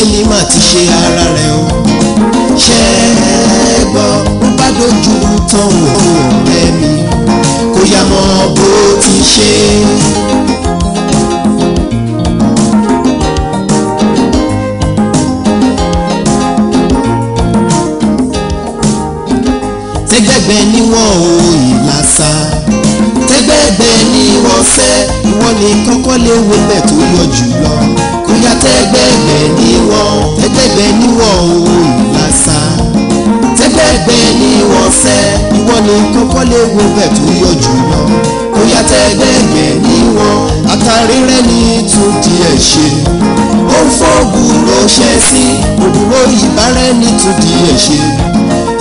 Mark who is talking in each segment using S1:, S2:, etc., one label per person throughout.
S1: Yémi mà ti ṣe ara rẹ̀ o ṣe é gbọ́ bá dojú tán òun ọ̀rẹ́ mi kó yá mọ́ bó ti ṣe é. tún díẹ̀ ṣe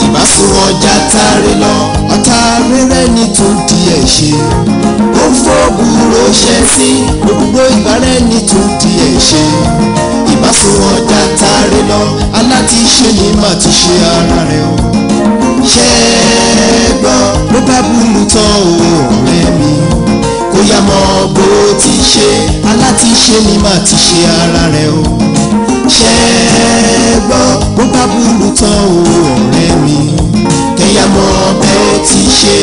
S1: ìbásùn ọjà tààrí lọ ọ̀tá rere ní tún díẹ̀ ṣe ó fọ́ọ̀gùn ránṣẹ́ sí gbogbo ìbárẹ́ ní tún díẹ̀ ṣe ìbásùn ọjà tààrí lọ alátiṣe ni màá ti ṣe ara rẹ o ṣẹ́ gbọ́ ló bá búlù tán ọ̀rẹ́ mi kó yá mọ́ bó ti ṣe alátiṣe ni màá ti ṣe ara rẹ o ṣe gbọ́ bó bá burú tán o ọ̀rẹ́ mi kẹ́yà mọ́ bẹ́ẹ̀ ti ṣe.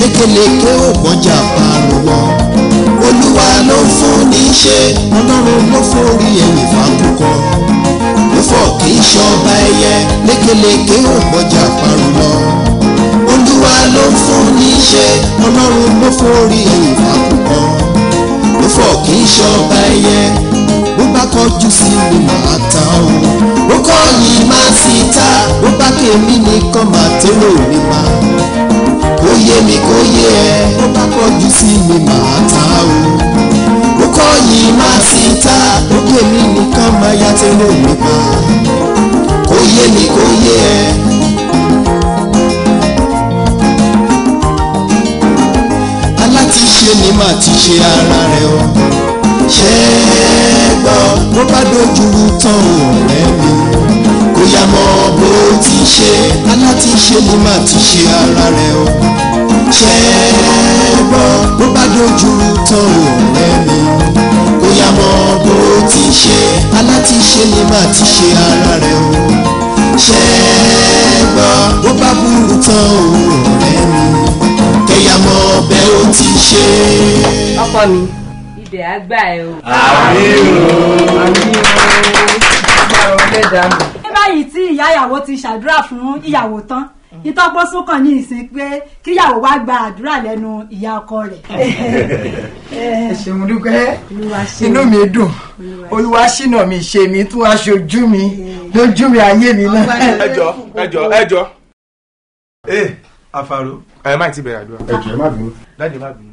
S1: lékeleke ò mọ́jà bá lọ́wọ́ olúwa ló fún ní ọlọ́run ló forí ẹ̀yìn fàkùkọ ìṣọba ẹyẹ lékeleke ò gbọjà parun lọ olúwa ló ń fún níṣẹ́ ọlọ́run ló forí ìfàkùnkàn ló fọ̀ kí ìṣọba ẹyẹ bó bá kọjú sí mi màá ta o ó kọ́ yìí máa sì ta bó bá kèmí nìkan màá tẹ́lẹ̀ mi ma. kó yé mi kó yé ẹ bó bá kọjú sí mi màá ta o ó kọ́ yìí máa sì ta bó kèmí nìkan máa yá tẹ́lẹ̀ mi máa ayé ẹ. alátiṣe ni màá ti ṣe ara rẹ o ṣe é gbọ́ bó bá dojú tán ọ̀rẹ́ mi kò yá mọ́ bó ti ṣe alátiṣe ni màá ti ṣe ara rẹ o ṣe gbọ́ bó bá dojú tán ọ̀rẹ́ mi kò yá mọ́ bó ti ṣe alátiṣe ni màá ti ṣe ara rẹ ṣe gbọ́ bó bá burú tán òun rẹ̀ mi kẹyà mọ ọbẹ̀ ó ti ṣe. ọkọ mi
S2: ibẹ̀ á gbà o. àmín
S1: o àmín o agbára ọlẹ́dàá mi. ní báyìí tí ìyá
S2: ìyàwó ti ṣàdúrà fún ìyàwó tán ìtọ́pọ̀ súnkàn ní ìsìn pé kíyàwó wá gba àdúrà lẹ́nu ìyá ọkọ rẹ̀.
S3: ẹ ṣeun dúpẹ́ inú mi dùn olúwa ṣínà mi ṣe mi tún aṣojú mi lójú mi ayé mi náà. ẹjọ
S4: ẹjọ ẹjọ. ee afaro. ẹ má ti bẹ̀rẹ̀ àdúrà. ẹjọ ẹ má bínú. dáàdi má bínú.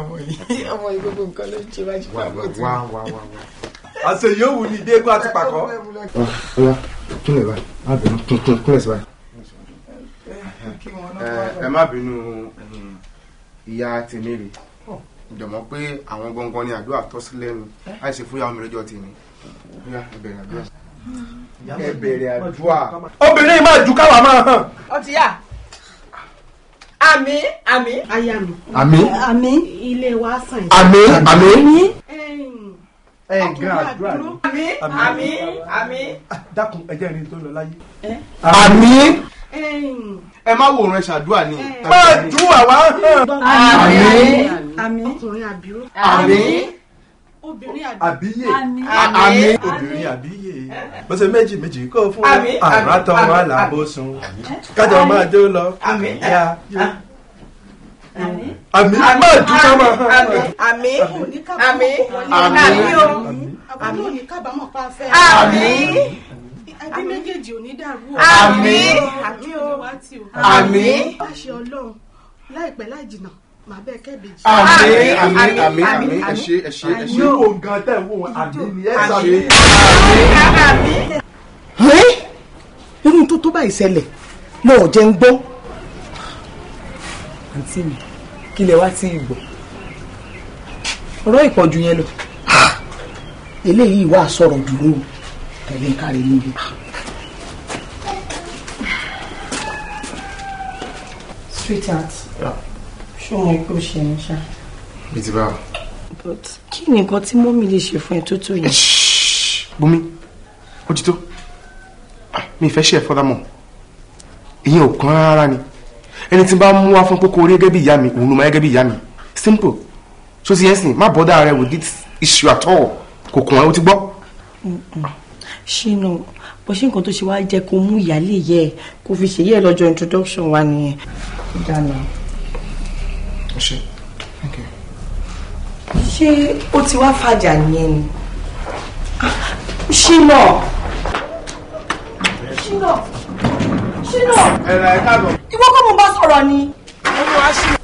S1: ọmọ yìí ọmọ yìí gbogbo nǹkan ló ń ṣe máa ṣe pàbó tí.
S4: wá wá wá wá. àṣeyọ̀wò ni dégún àti pàkọ́. ọ̀la
S5: ah, kúnlẹ̀ báyìí má bínú kúnlẹ̀ sí báyìí.
S4: Eh, ẹ má bínú hmm. ìyá tèmi rè oh. jọmọ pé àwọn gbọngàn ni àdúrà tọ́ sí lẹ́nu àìsè eh? fún ìyá ọmọdéjọ tèmi ẹ bẹ̀rẹ̀ àdúrà. obìnrin máa ju káwa máa hàn.
S2: ó ti yá àmì àmì. ayanu. àmì. àmì. ilé wa sàn. àmì àmì ẹ gan àdúrà ni. àmì àmì àmì. dákun ẹ jẹ́ ẹni tó lọ
S4: láyé. Eh? àmì ẹ má wòran ṣàdúrà ni. máa dúwà wá. àmín
S2: àmín ọkùnrin àbíró. àmín
S5: obìnrin àbíyè àmín obìnrin
S4: àbíyè bọ́sẹ̀ méjì méjì kó fún àràtọ̀ wà lábòsùn kájọ máa jó lọ yá
S5: àmín
S2: má dúró má. àmín àmín àmín àmín àmín àmín àmín adé méjèèjì ò ní dàrú o. àmín àmín o àmín. àṣẹ ọlọ́run láìpẹ́ láì jìnnà màá bẹ́ẹ̀ kẹ́bíjì.
S5: àmín àmín àmín àmín ẹ ṣé ẹ ṣé ẹ ṣé. yóò wò
S4: gan tẹ̀ wò àmín ni ẹ ṣàmì. irú tó tó báyìí ṣẹlẹ̀ lọ́ọ̀ jẹ́ ń gbọ́. àǹtí mi kí lẹ wá tí ì gbọ́ ọ̀rọ̀ ìpọ̀jù yẹn lọ eléyìí wàá sọ̀rọ̀ dùn ún tẹ̀lé kárí níbi.
S3: sweetheart ṣé o mọ̀ pé o ṣe ní ṣá. mi ti bá a. but kí ni nǹkan tí mọ́mí lè ṣe fún ẹ tó tó yẹn.
S4: bùnmi ó ti tó ah, mi fẹ́ ṣe ẹ̀ fọ́dámọ̀ ìyẹn ò kàn rárá ni ẹni tí bá mú wá fún kókó orí gẹ́gẹ́ bí ìyá mi òun ló máa gẹ́gẹ́ bí ìyá mi simple so ti yẹn sìn má bọ́dá rẹ with this issue at all kò kàn ẹ́ o ti gbọ́
S3: ṣínà bó ṣe nǹkan tó ṣe wá jẹ́ kó mú ìyáálé yẹ kó fi ṣèyí ẹ̀ lọ́jọ́ introduction wa nìyẹn. dana. ṣe ṣé ó ti wá fàjà nìyẹn ni ṣínà
S4: ṣínà ṣínà ìwọ kọ́ mo bá sọ̀rọ̀ ni. olúwa ṣínà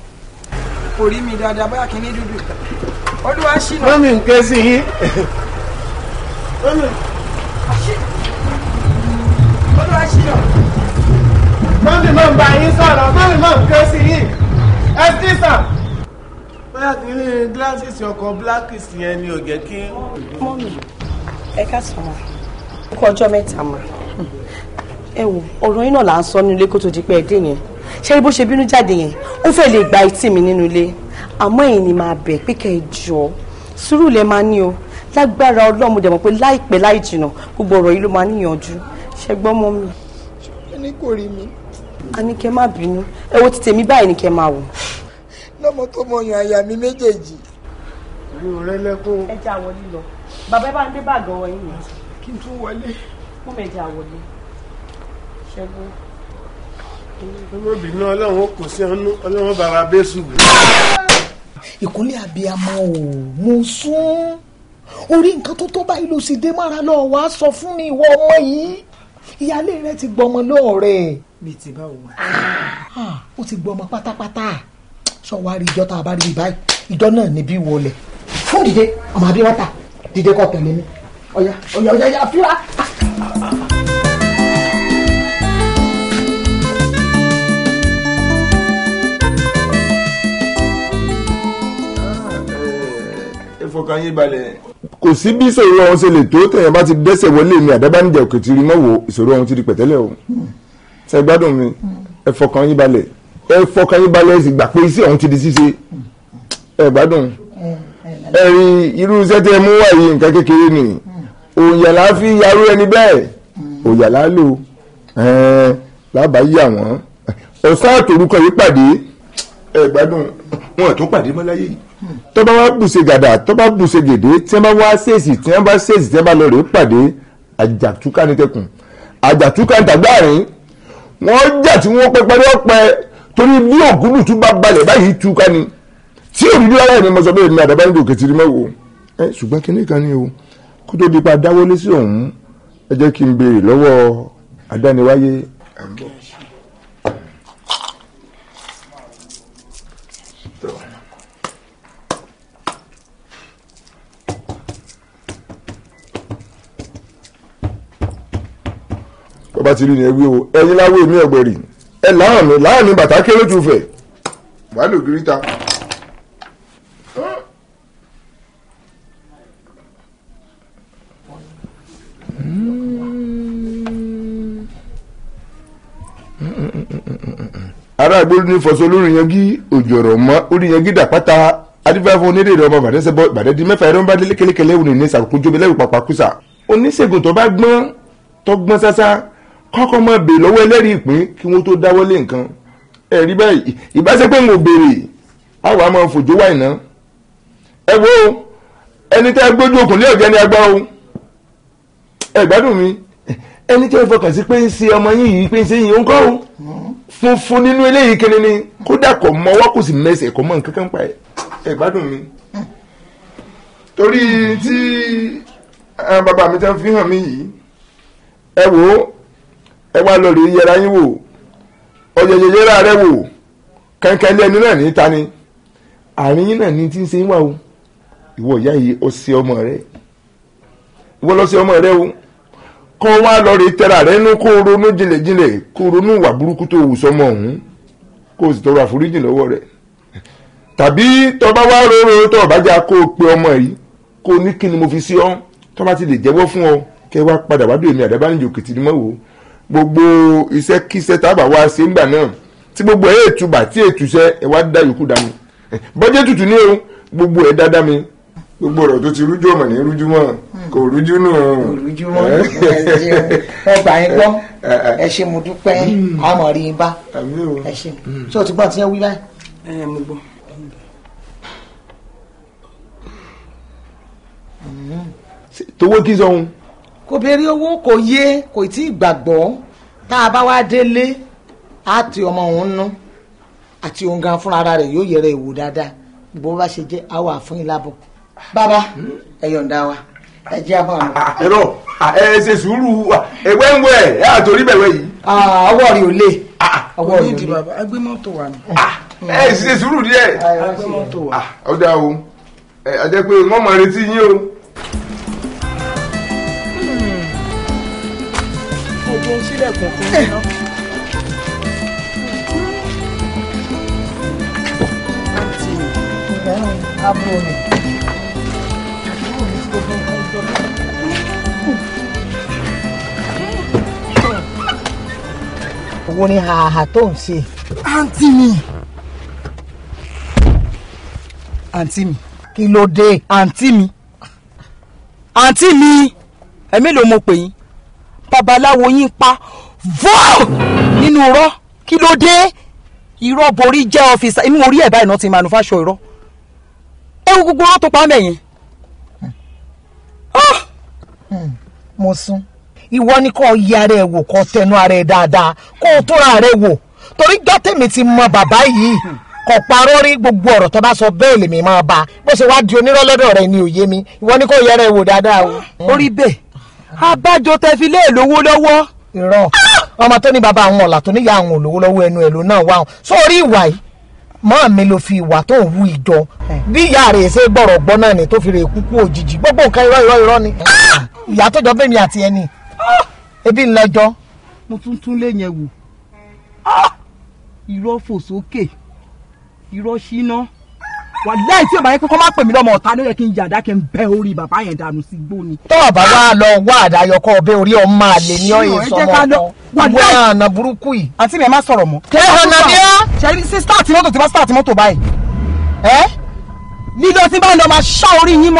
S4: kò rí mi dáadáa báyà kí ní dúdú olúwa ṣínà. mọ́mí ń ké sí yín mọ́mí mọ́ ń bá yín sọ̀rọ̀ mọ́mí mọ́ ń ké sí yín ẹsítísà. bóyá kí ní gíláṣíìsì ọkọ̀ blackis yẹn ni ò jẹ́ kí.
S2: mọ́mí ẹ ká sọ ma ó
S3: kọ ọjọ́ mẹ́ta mà
S2: ẹ wò ọ̀rọ̀ yín náà là ń sọ nínú ilé kó tó di pé ẹ dé yẹn ṣé bó ṣe bínú jáde yẹn ó fẹ́ lè gba etí mi nínú ilé àmọ́ ẹ̀yin ni màá bẹ̀ pé kẹ́ ẹ jọ sùúrù lẹ máa ní o lágbára ọlọ́run mo dẹ̀ mọ̀ pé láìpẹ́ láì jìnà gbogbo ọ̀rọ̀ yìí ló máa níyànjú ṣe gbọ́ mọ́ mi.
S4: ṣùgbọ́n ní kò rí mi.
S2: a ní kẹ́ má bínú ẹ wo ti tèmi báyìí ní kẹ́ máa wò.
S3: lọ́mọ tó mọ yan àyà mi méjèèjì. mi ò rẹ lẹ́kọ́. ẹ já wọlé lọ bàbá ẹ bá ń dé bàgàn wọ̀nyí yẹn. kí n tún wọlé. mú mi já wọlé
S2: ṣẹ́gun
S6: olóbìnrin ọlọ́run kò sí ọnú ọlọ́run bàbá
S4: bẹ́sù. ìkúnlẹ̀ abiyamọ ò mú sún orí nǹkan tó tó báyìí ló sì dé mára lọ wá sọ fún mi ìwọ ọmọ yìí ìyáálé rẹ ti gbọmọ lọọrẹ.
S1: bíi ti báwo wá.
S5: Ah,
S4: ó ti gbọmọ pátápátá sọ wá rí ìjọ tá a bá rí báyìí ìjọ náà níbí wọlé fún dìde ọmọ abíwátà dìde kọ tẹ̀lé mi ọ̀yà ọ̀yà ọ̀yà fúra. fọkàn yín balẹ̀. kò sí bí ìṣòro ọ̀hún ṣe lè tó tẹ̀yìn bá ti dẹ́sẹ̀ wọlé mi àdábánijà òkè ti rí mọ́wọ́ ìṣòro ọ̀hún ti di pẹ̀tẹ́lẹ̀ o ṣe gbádùn mi ẹ fọkàn yín balẹ̀ ẹ fọkàn yín balẹ̀ ẹ sì gbà pé iṣẹ́ ọ̀hún ti di ṣíṣe ẹ gbádùn ẹ̀rí irú iṣẹ́ tẹ́ mú wá yìí nǹkan kékeré ni òyàlá fi yarú ẹni bẹ́ẹ̀ òyàlá lò lábàáyé àwọn ọ̀sán àtòrúkọ yìí pàdé ẹ gbádùn wọn ò tún pàdé mọ́ láyé yìí tó bá wá bùṣe gàdà tó bá bùṣe gèdè tí wọ́n bá wá ṣèèsì tí wọ́n bá ṣèèsì tí wọ́n bá lọ rèé pàdé àjàtúkà ní tẹkùn àjàtúkà ní tàgbáàrín wọ́n jà tí wọ́n pẹ́ pẹ́rẹ́ ọ̀pẹ torí bí Ògúnlùtù bá balẹ̀ báyìí túká ni tí òbí rárá ẹ̀mí mọ̀sọ́ bẹ́ẹ̀ ni àdàbà nídò kẹtìrì mọ́ wo ẹ ṣùgbọ́n kínní kan ni o kó tó di pa dáwọ́lé sí ọ̀hún ẹ jẹ́ kí n béèrè lọ́wọ́ adániwáyé àbọ̀. bá ti rí ni ẹ wí o ẹyin láwọ èmi ọ̀gbẹ̀rì ẹ láàmì láàmì bàtà kéré jù fẹ̀ wàá lò gíríta. ará ìgbóni ní fọṣọ olórin yẹn gí òjò ọ̀rọ̀ mọ́ orin yẹn gí dàpáta adífẹ́fún onídèrè ọmọ bàdẹ́sẹ̀ bọ́ ìbàdẹ́ di mẹ́fà ẹ̀rọ ń bá délé kélékèlé òní ní sàkókò jóbi lẹ́yìn pàpà kùsà oníṣègùn tó bá gbọ́n tó gbọ́n sásá kọ́kọ́ mọ bèrè lọ́wọ́ ẹlẹ́rìí ìpín kí wọ́n tó dáwọ́ lé nǹkan ẹ̀rí báyìí ìbáṣe pé mo bèrè àwọn àmọ́ fòjó wà iná ẹ wo ẹni tẹ́ gbójú okùn lé ọ̀gá ẹni agbá o ẹ gbádùn mi ẹni tẹ́ fọkàn sí pé ń ṣe ọmọ yín yìí pé ń ṣe yìí ó ń kọ́ o funfun nínú eléyìí kiri ni kódà kò mọwọ́ kò sì mẹsẹ̀ kò mọ nǹkan kan pa ẹ gbádùn mi torí tí ah, bàbá mi tẹ́ fi hàn mí yìí ẹ wo ẹ wá lọ rèé yẹra yín wò ọ̀yẹ̀yẹ̀ yẹra rẹ wò kẹ́ńkẹ́ lẹ́nu náà ní ta ni àárín yín náà ní ti ń ṣe wá o ìwọ ìyá yìí ó ṣe ọmọ rẹ ìwọ lọ ṣe ọmọ rẹ o kọ́ wá lọ rèé tẹ́ra rẹ nú kó ronú jinlẹ̀jinlẹ̀ kó ronú ìwà burúkú tó wù sọmọ ọ̀hún kó o sì tọrọ àforíjì lọ́wọ́ rẹ̀ tàbí tọba wá róró tọba bá já kó o pe ọmọ yìí kó o ní kí ni mo fi sí ọ tọba ti lè jẹ́wọ́ fún ọ kẹ́ wá padà wá dé èmi àdábánijò kìtìlímọ́wò gbogbo iṣẹ́kíṣẹ́ tábà wá ṣe ńgbà náà tí gbogbo ẹ̀ ètùbà tí ètùṣẹ́ ẹ̀ wá dá yòókù dá mi bọ́jẹ́ tutù ní o gbogbo ẹ̀ dáadáa mi gbogbo ọ̀rọ̀ tó ti rújú ọmọ ní rújú mọ́ kò rújú nù. kò rújú mọ́ ẹ gbà yín gbọ́ ẹ ṣe mo dúpẹ́ àmọ̀ rí i bá ẹ ṣe tí o ti gbọ́ ti yẹn wí láì. towó kí sọ kò béèrè owó kò yé kò tí ì gbàgbọ́ tá a bá wá délé á ti ọmọ òun nú àti òun gan fúnra ara rẹ̀
S2: yóò yẹra ìwò dáadáa gbogbo bá ṣe jẹ́ á wà fún yín lábọ̀. bàbá ẹ yọ̀ǹda wa ẹ jẹ́ àbọ̀ àmọ́.
S4: ẹ̀rọ ẹ ṣe sùúrù ẹ̀wẹ́ ń wẹ̀ ẹ̀ àtòrí bẹ̀rẹ̀ yìí. ọwọ́ rí o lè. ọwọ́ rí o lè bàbá mọ́tò wà ní. ẹ ṣe sùúrù díẹ̀. ẹgbẹ́ mọ́tò wà. ọ̀dà o ẹ jẹ́ pé wọ́n mọ̀ retí yín o.
S3: jẹ́ sílẹ̀kùn fún mi náà. àǹtí ìgbẹ́rùn abúlé mi. àbúrò mi tó fún ọjọ́ náà. wo ni àhà tó ń ṣe. àǹtí mi.
S4: àǹtí mi. kí ló dé. àǹtí mi.
S2: àǹtí mi. ẹ̀mí ló mo pè yín babaláwo yín pa vọ́ọ̀ nínú irọ́ kí ló dé irọ́ borí jẹ́ ọ́fíìsà inú orí
S4: ẹ̀ báyìí náà ti manufacture irọ́ ewu gbogbo wọn tó pa mẹ́yìn. Ah! mo sún ìwọ ni kò yí ara ẹ wò kò tẹnu ara ẹ dáadáa kò tó ara ẹ wò torí gbọ́ ti mọ bàbá yìí kò parọ́ rí gbogbo ọ̀rọ̀ tó bá sọ bẹ́ẹ̀ lèmi máa bá bó ṣe wá di onírọ́ rẹ ni òye mi ìwọ ni kò yí ara ẹ wò dáadáa o. orí bẹ́ẹ̀ abájọ tẹ fi lé èlówó lọ́wọ́. irọ́ ọmọ tó ní bàbá àwọn ọ̀là tó níyà àwọn olówó lọ́wọ́ ẹnu ẹ̀ ló náà wá wọn sórí ìwà yìí mọ́ mi ló fi ìwà tó ń hu ìjọ bí ìyá rẹ̀ ṣe gbọ̀rọ̀ gbọ́ náà ni tó fi rè kúkú òjijì gbogbo nǹkan irọ́ irọ́ irọ́ ni ìyá tó jọ bẹ́mi àti ẹni ebi ńlẹ́jọ́. mo tún tún lè yẹn wò irọ́ fò sókè irọ́ síná wà lẹ́yìn tí ìbáyé kọ́kọ́ má pè mí lọ́mọ ọ̀tá ló yẹ kí n yàdá kí n bẹ orí bàbá yẹn
S3: dànù sí igbó ni.
S4: tó bàbá wa lọ wá àdáyọ ọbẹ orí ọmọ àlè ní ọyẹ sọmọ ọkọ ìwé àna burúkú yìí. àǹtí mi ẹ má sọ̀rọ̀ mọ́. kẹ́ ẹ̀ ọ̀nà bí ọ́. ṣe ṣe start mọ́tò tí bá start mọ́tò báyìí. ẹ lílo tí bá ń lọ máa ṣá orí yín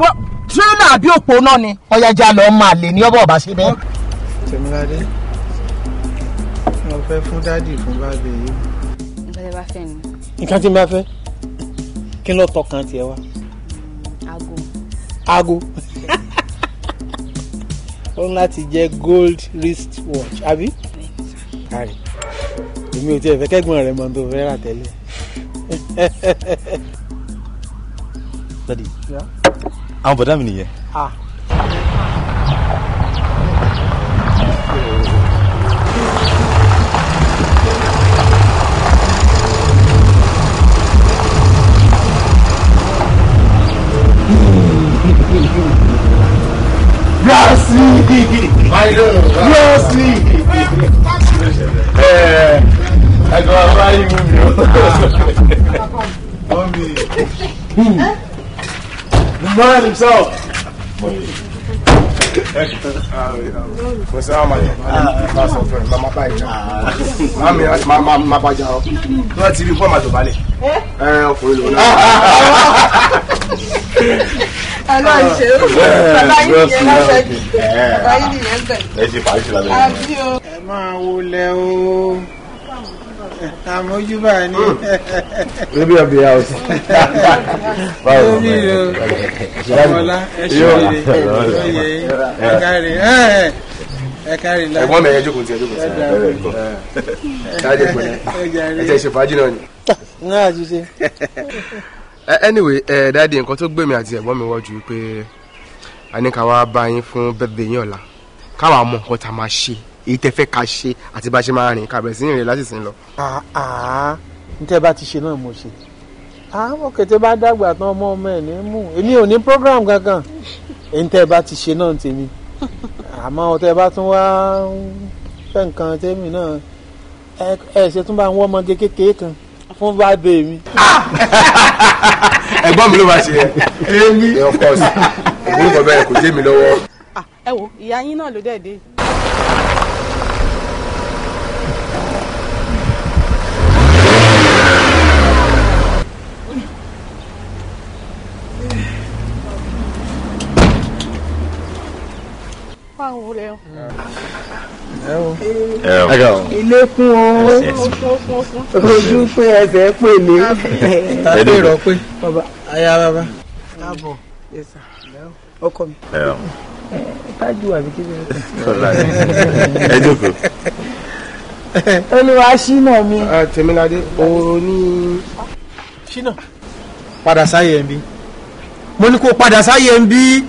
S4: mọ́ tírélà àbí òpó náà ni. ọ̀yájà lọ máa lè ní ọbọ̀ ọ̀bá ṣe nǹkan tí mo bá fẹ́ kí ló tọkàn tiẹ̀ wá. aago. aago ó ń láti gold wrist watch Abi. àbí. kárí èmi ò tiẹ̀ fẹ́ kẹ́gbọ́n rẹ̀ mọ́ tó fẹ́ rà tẹ́lẹ̀. dadi
S7: Ah, but I'm here.
S1: ah.
S4: Yasi Yasi ẹ̀ẹ́dọ̀ bàbá yìí mú mi o. Mọ́mí. The man himself. Kò sí àwọn àjọ máa sọ fún ẹ máa máa bá ìjà. Máa mi máa máa máa bá ìjà ọ. Bí wọ́n ti rí fún ọmọ ọlọ́run ṣe
S1: ó bàbá yìí nìyẹn lọ́sẹ̀ bí bàbá yìí nìyẹn bẹ̀. ẹ ṣe fàájì lálẹ́ yìí. àbí o. ẹ máa wọlé o àmójúbà ni. bébí ọbẹ̀ yà ó sí. báwo ni ọmọlá ẹ ṣe
S4: rere lóye ẹ káre ẹ káre la. ẹ̀gbọ́n mi ẹ jókòó tí ẹ
S6: jókòó tí ẹ jókòó tí ẹ jẹ pẹ̀lẹ́ ẹ jẹ ṣe fàájì náà ni.
S4: náà ti ṣe. Eh, anyway ẹ eh, dáàdi nǹkan tó gbé mi àti ẹ̀gbọ́n mi wọ́jú pé a ní ká wá bá yín fún birthday yín ọ̀la káwa mọ nǹkan tá a máa ṣe èyí tẹ́ fẹ́ ká ṣe àti bá ṣe máa rìn kàbẹ̀ sí ìrìn láti sìn lọ. níta bá ti ṣe náà mo ṣe àwọn kẹtẹ bá dàgbà tán ọmọ ọmọ ẹ ní mú èmi ò ní program kankan níta bá ti ṣe náà tèmi àmọ́ ọtẹ bá tún wá fẹ́ nǹkan tèmi náà ẹ ẹ ṣe tún bá ń wọ́ ọmọge kékeré kan fún bábẹ́ mi. Ah! ẹ̀gbọ́n mi ló máa ṣe ẹ́ èmi. ẹ of course ìwúrúkọ bẹ́ẹ̀ kò dé mi lọ́wọ́.
S2: Ah, ẹ wo ìyá yín náà ló dẹ̀ dé.
S5: Wow, Leo. Yeah ilé kún o ojú pé ẹsẹ̀ pè ní.
S6: tàbí ìrọ̀ pé aya bàbá. káàbọ̀ ọkọ mi.
S8: tájú àbí kí ló
S1: ń. ẹ jókòó.
S4: olúwa ṣínà mi. tèmiládé o ní. ṣínà padà sáyé ẹ̀ ń bí mo ní kó padà sáyé bí.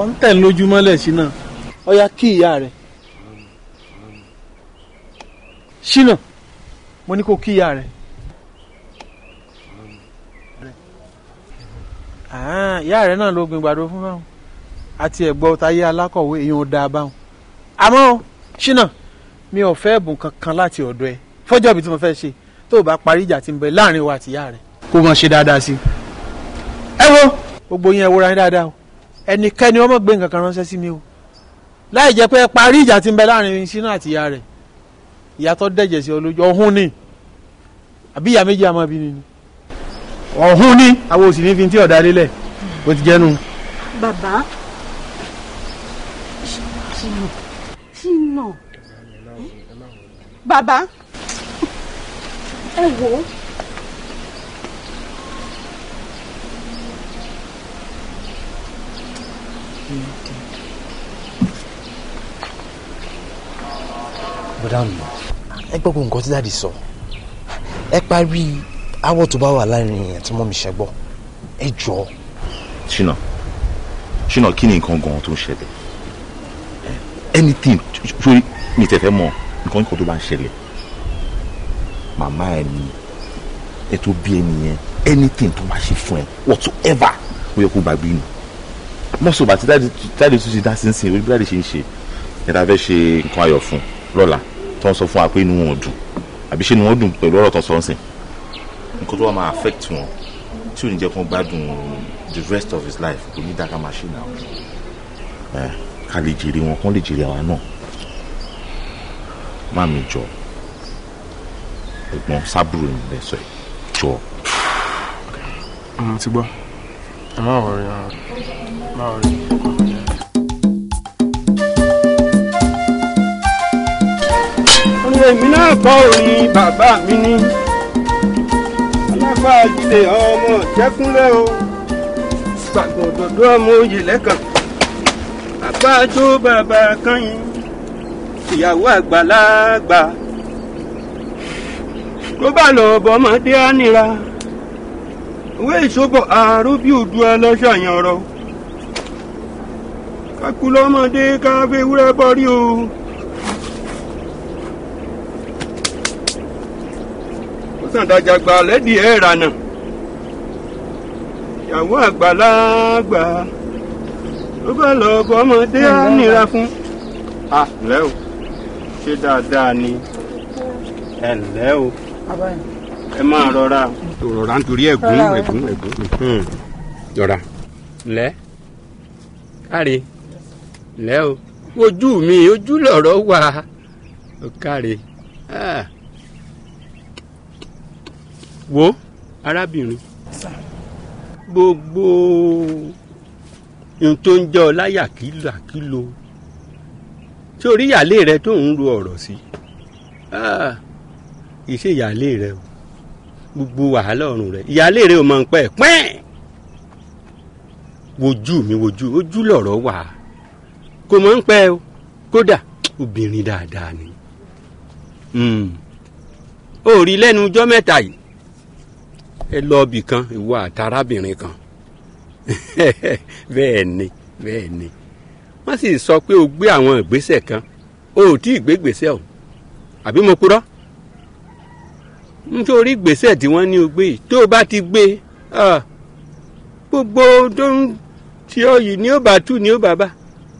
S4: ọ̀ ń tẹ̀ lójúmọ́lẹ̀ ṣínà ọ̀yá kí ìyá rẹ̀ ṣínà mo ní kó kí ìyá rẹ̀ ìyá rẹ̀ náà ló gbin gbàdo fún báwọn àti ẹ̀gbọ́n táyé alákọ̀wé èèyàn ò dáa báwọn àmọ́ ṣínà mi ò fẹ́ ẹ̀bùn kankan láti ọ̀dọ̀ ẹ fọ́jọ́ ibi tí mo fẹ́ ṣe tó o bá parí ìjà tí ń bẹ láàrin wa àti ìyá rẹ̀ kó o mọ̀ ṣe dáadáa sí i ẹ wo gbogbo yín wúra yín dáadáa o ẹnikẹ́ni ọmọ gbé nǹkan kan ránṣẹ́ sí mi o láì jẹ́ pé parí ìjà tí ń bẹ láàrin sínú àtìyá rẹ̀ ìyàtọ̀ dẹ̀jẹ̀ sí olójú ọ̀hún ni àbí ìyá méjì àmọ́ bí ni ọ̀hún ni àwọn òsì ní fi tí ọ̀dà lélẹ̀ bó ti jẹ́nu.
S2: bàbá ṣìnà ṣìnà bàbá ẹ wò ó.
S5: bọ́dà mi
S4: ẹ gbọ́ gbogbo nǹkan tí dáàdi sọ ẹ parí awọ tó bá wà láàrin èèyàn tí mọ́ mi ṣe gbọ́ ẹ jọ.
S7: ṣìnà ṣìnà kí ni nǹkan gan-an tó ń ṣẹlẹ̀ anything sórí mi tẹ̀fẹ́ mọ nǹkan nǹkan tó bá ń ṣẹlẹ̀ màmá ẹ ni ẹ tó bí ẹni yẹn anything tó máa ṣe fún ẹ whatsoever ó yẹ kó gbàgbé nù mọ́sọ̀bà tí dáàdi tó ṣe dá sí ń sìn orí bí dáàdi ṣe ń ṣe ẹ̀dá fẹ́ ṣe nǹkan ayọ̀ fún lọ́la tó ń sọ fún wa pé inú wọn ò dùn àbí ṣé ni wọ́n dùn pẹ̀lú ọ̀rọ̀ tó ń sọ ọ́n sìn nǹkan tó wà máa affect wọn tí ò ní jẹ́ kó gbádùn the rest of his life kò ní dáká machine àwọn. ẹ ká lè jèrè wọn kán lè jèrè àwa náà má mi jọ ẹ̀gbọ́n sábúrò ní ilẹ̀ jọ.
S5: mo ti gbọ́ ẹ má wọrí ẹ má wọrí.
S6: ni èmi náà kọ́ orin bàbá mi ni aláfà jíde ọmọ jẹ́kúnlẹ̀ o gbàgbọ́ òdòdó ọmọ oyè lẹ́kàn àbájọ bàbá kányìn ìyàwó àgbàlagbà tó bá lọ bọ́mọdé á nira owó ìṣòbọ̀ àárọ̀ bí òdu ẹlẹ́ṣàyàn ọ̀rọ̀ kákú lọ́mọdé ká wúrẹ́ bọ́ o. tàn dàjàgbà lẹ́dìí ẹ̀ rànà ìyàwó àgbàlagbà ló bá lọ bọ́ ọmọdé á nira fún. a ǹlẹ́ o ṣé dáadáa ni ẹ ǹlẹ́ o ẹ máa rọra. rọra nítorí ẹ̀gún ẹ̀gún ẹ̀gún hmm. rọra. ǹlẹ́ káre ǹlẹ́ o ojú mi ojú lọ̀rọ̀ wà káre. Ah wo arábìnrin gbogbo ohun tó ń jẹ́ ọ láyà kílàkílo tí orí ìyáálé rẹ tó ń ro ọ̀rọ̀ sí ah, ìṣe ìyáálé rẹ o gbogbo wàhálà ọ̀run rẹ ìyáálé rẹ ò mọ̀ ń pẹ́ pẹ́ẹ́ wojú mi wojú ojú lọ̀rọ̀ wà kò mọ̀ ń pẹ́ o kódà obìnrin dáadáa ni. ó hmm. rí lẹ́nu ọjọ́ mẹ́ta yìí ẹ lọ kan ìwọ àtàrábìnrin kan bẹ́ẹ̀ ni bẹ́ẹ̀ ni wọ́n sì sọ pé o gbé àwọn ìgbésẹ̀ kan o ò tí ì gbé gbèsè o àbí mo purọ́ nítorí gbèsè tí wọ́n ní o gbé yìí tó o bá ti gbé gbogbo tó ń tí ó yìí ni ó bá tú ni ó bá bá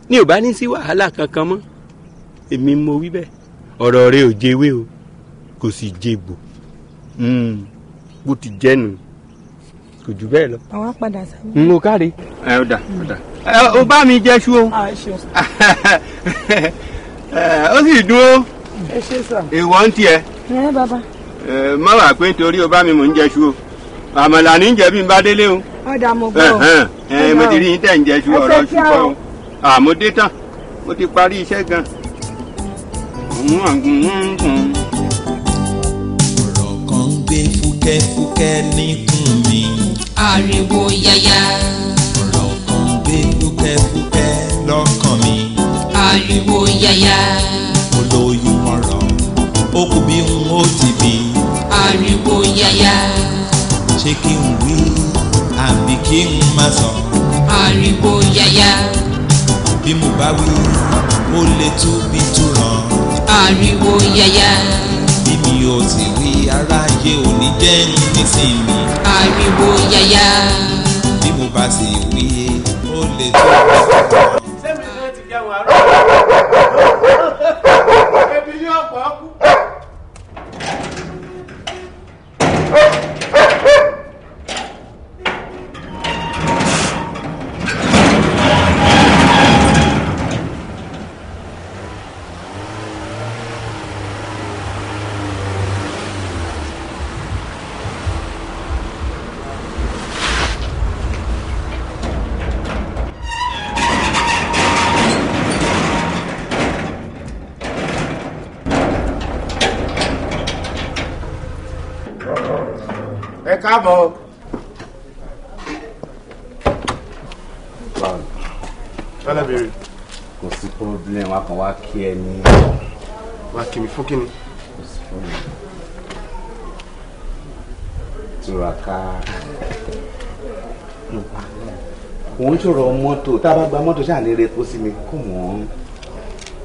S6: ni ò bá ní sí wàhálà kankan mọ́ èmi mo wí bẹ́ẹ̀ ọ̀rọ̀ rẹ ò jẹ́wé o kò sì jẹ́ bò. Mm bó ti jẹ́ nu kò jù bẹ́ẹ̀ lọ.
S2: àwọn apàdà sábà. n
S6: ò káre. ẹ ọ dà ọ dà o bá mi jẹ ṣu o. Ah, ó sì dúró. ẹ ṣe sà. ìwọ ń tiẹ. ẹ bàbá. má wàá pé torí o bá mi mò ń jẹ ṣu o àmàlà ní jẹ bí n bá délé o. ọ̀dà mo gbọ́ o. ẹ mo ti rí yín tẹ̀ ń jẹ ṣu ọ̀rọ̀ ṣùgbọ́n o àmọ́ dé tán mo ti parí iṣẹ́ gan. Mm-hmm.
S1: fúkẹ́fúkẹ́ níkùn mi. ariwo yaya. ọ̀rọ̀ kan gbé fúkẹ́fúkẹ́ lọ́kàn mi. ariwo yaya. mo lóyún ọ̀rọ̀ ó kù bí n ó ti bí. ariwo yaya. ṣé kí n wí
S6: àbí kí n má sọ. ariwo yaya. bí mo
S4: bá wí ó lè tú bí túràn.
S2: ariwo yaya
S4: níbi ó ti rí aráyé òní jẹ́ ń nísìnyí.
S2: ariwo
S5: yaya.
S4: bí mo bá sì wí e, ó lè tó. sẹ́mi káàbọ̀. tọ́lẹ̀ bèrè. kò sí problem wa kàn wá kí ẹ ní. wá kí mi fún kíni. kò sí problem. túraká òun ṣòro mọ́tò tá a bá gba mọ́tò ṣáà lè re epo sí mi kò mọ́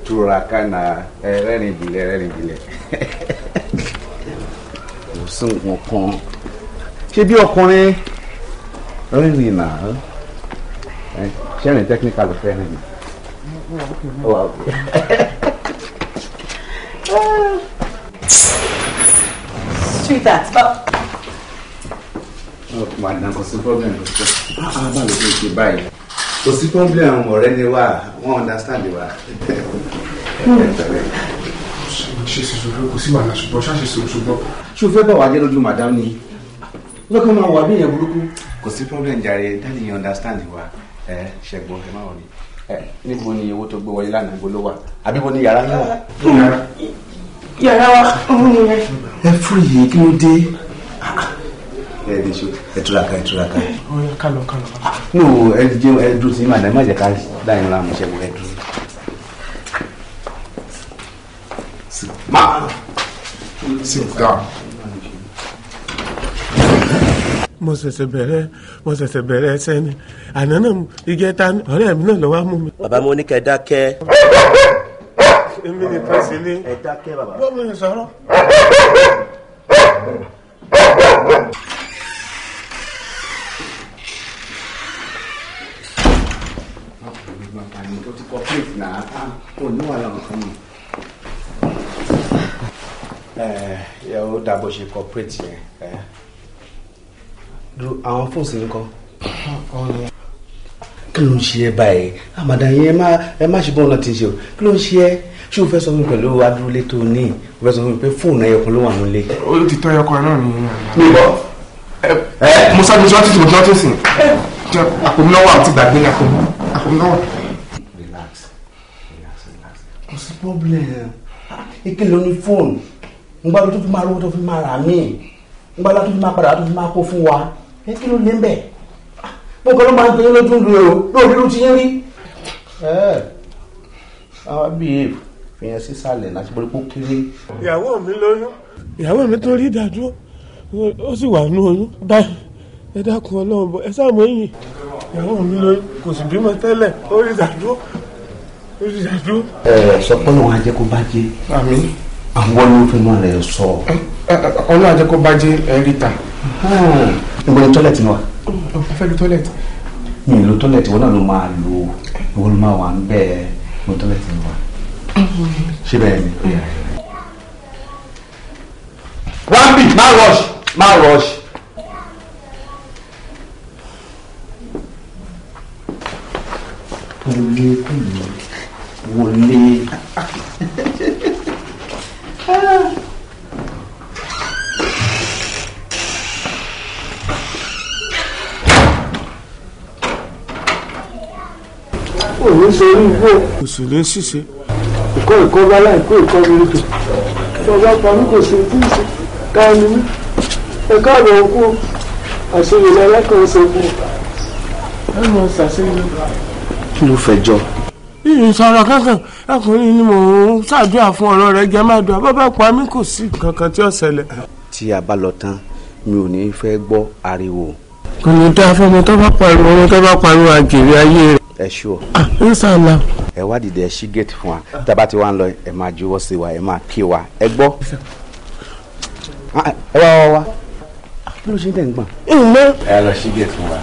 S4: túraká na ẹrẹ́rìn ìbílẹ̀ ẹrẹ́rìn ìbílẹ̀ kò sí nǹkan kan ṣé bí ọkùnrin rìnrìn náà ṣẹ́rìn technical ló fẹ́ rìn.
S5: sweetheart wà ní
S4: kò sí problem ló sọ á bá lè ṣe báyìí kò sí problem ọ̀rẹ́ ni wà wọ́n understand wa. ṣe ṣe ṣòro kò sí wàhálà ṣùgbọ́n ṣáṣe ṣòro ṣùgbọ́n. ṣé o fẹ́ bá wa jẹ́ lójú màdám ni lọ́kàn máa wà bí èèyàn burúkú. kò sí problem jàre dáàdi yẹn understand wa ẹ ṣẹgbọn ẹ má wọlé ẹ níbo ni owó tó gbé wọlé lánàá ibo ló àbí bo ni yàrá yẹn wà. yàrá wa ẹ fún yìí kí ló dé. ẹ ní so ẹ túra ká ẹ túra ká. ọyọ kálọ kálọ. no ẹ jẹ ẹ dúró sí màdà má jẹ ká dáhìn láàmú ṣẹgun ẹ dúró.
S8: Sit down
S6: mo ṣẹ̀ṣẹ̀ bẹ̀rẹ̀
S7: mo ṣẹ̀ṣẹ̀ bẹ̀rẹ̀ ẹsẹ̀ àná náà ìjẹta ọ̀rẹ́ mi náà ló mú mi.
S8: bàbá mo ní kẹ́ dákẹ́.
S7: èmi nìkan sì ni. ẹ dákẹ́ bàbá. bó mi sọ̀rọ̀.
S4: ẹ ẹ ó dà bó ṣe corporate yẹn dúró àwọn fóònù yìí kọ́. kí ló ń ṣe é báyìí àmàdà yẹn ẹ má ẹ má ṣe bọ́ọ̀nà tí ń ṣe o kí ló ń ṣe ẹ ṣé o fẹ́ sọ fún mi pẹ̀lú adúlé tó ní o fẹ́ sọ fún mi pé fóònù ẹyọkan ló wà nílé. ó ti tọ́ ẹyọkan náà ní. mi bọ ẹ
S8: mo sáré ṣọ́ọ́ títí mo tọ́ tó sìn
S4: àpò mi lọ́wọ́ àti gbàgbé àpò mi lọ́wọ́. relax
S8: relax relax kò sí problem ìkìlọ̀ ní fóònù
S4: ngbàdúró tó fi máa rówó tó fi máa rà míì ngbàdúró tó fi máa padà tó fi máa kó fún wa ẹ kí ló lé ń bẹ̀ mo kàn ló máa ń pè é lójú ń lu èrò lóòrí ló ti yín rí. àwọn bíi fìyẹn sísàlẹ̀ láti borí kó kéré. ìyàwó mi
S6: lóyún. ìyàwó mi tó rí ìdádúró ó sì wà nú oyún báyìí ẹ dákun ọlọ́run bọ̀ ẹ sáà mọ̀ yìí ìyàwó mi lóyún kò sì bímọ tẹ́lẹ̀ ó rí ìdádúró
S5: ó rí ìdádúró.
S4: ẹ sọ pé òun ajẹ́ kó bá jẹ́. àmín. àwọn ló fẹ́ mọ́ rẹ̀ sọ. ọlọ́run ajẹ́ kó bá jẹ́ ẹ̀rí ta. Hmm níbo ni tọ́lẹ̀tì náà wà. mo fẹ́ lu tọ́lẹ̀tì. mi ì lo tọ́lẹ̀tì wọn náà ló máa lo ìwọ ló máa wà ń bẹ
S8: mo tọ́lẹ̀tì náà wà. ṣé bẹ́ẹ̀ ni. Mm.
S4: one bit má rush má rush.
S1: wọlé wọlé.
S4: òun ṣe orí igbó. òṣèlè ṣiṣẹ́. ìkó ìkó bálá ìkó ìkó burúkú bàbá pàmí kò ṣe tí ìṣe káàní mí ẹ káàbọ̀ òkú àṣeyọrí alákọ̀ọ́ ṣe fún un ẹ mọ̀ ṣàṣeyọrí. kí ló fẹ́ jọ. ìṣòro kankan ọkùnrin ni mò ń ṣàdúrà fún ọ̀rọ̀ rẹ̀ jẹ́ máa dùn àbábá pa kò sí
S6: kankan tí ó ṣẹlẹ̀.
S4: tí a bá lọ tán mi ò ní fẹ́ gbọ́ ariwo.
S5: kò ní dáa fún ọmọ tó bá pariwo ọmọ tó bá pariwo àjèrè ayé rẹ̀ ẹ ṣú ọ. n sàlà.
S4: ẹ wá dìde ẹ ṣí géètì fún wa tábà tí wàá ń lọ ẹ máa juwọ́ sí wa ẹ máa kí wa ẹ gbọ́. Ah, ẹ wá wá wá kí ló ṣe dẹ̀ ń gbọ̀n. ǹlẹ́. ẹ lọ ṣí
S6: géètì fún wa.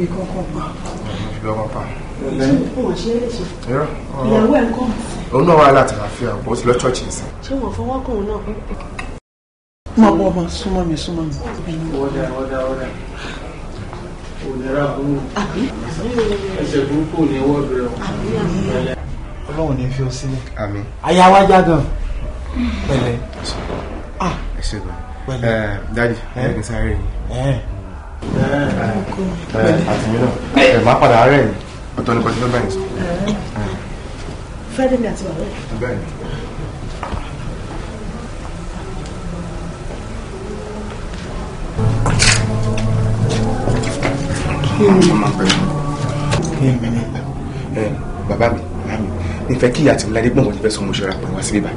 S2: ibi kankan pa.
S7: ibi kankan pa.
S5: ìyàwó
S2: ẹ̀ ń kọ́
S4: òun náà wà láti àfihàn bó ti lọ ṣọ́ọ̀ṣì sí.
S2: ṣé wọ́n fọwọ́ kàn òun náà.
S5: má
S4: bọ́ ọmọ súnmọ́ mi súnmọ́ mi.
S1: ọ̀dà ọ̀dà ọ̀dà ònira burú ẹsẹ̀ burúkú ò ní wọ́ọ̀dù rẹ̀ wọ́n.
S4: ọlọ́run ní fi ọ sílẹ̀. àmín. àyà wa já gan.
S5: pẹ̀lẹ́. ẹ ṣe gan. Ah,
S4: pẹ̀lẹ́. dadi ẹ kì í sáré yìí
S5: àtìmí
S4: náà ẹ má padà rẹ̀ ni ọ̀tọ̀ ní kọ́sílẹ̀ bẹ́ẹ̀ sọ.
S2: fẹ́rẹ́mi àti bàbá ẹ̀. bẹ́ẹ̀
S4: ni. bàbá mi màmá mi nífẹ̀ẹ́ kí ìyá àti ìlàdé gbọ̀ngàn nífẹ̀ẹ́ sọ mo ṣe ra pẹ̀lú wá sí bíbá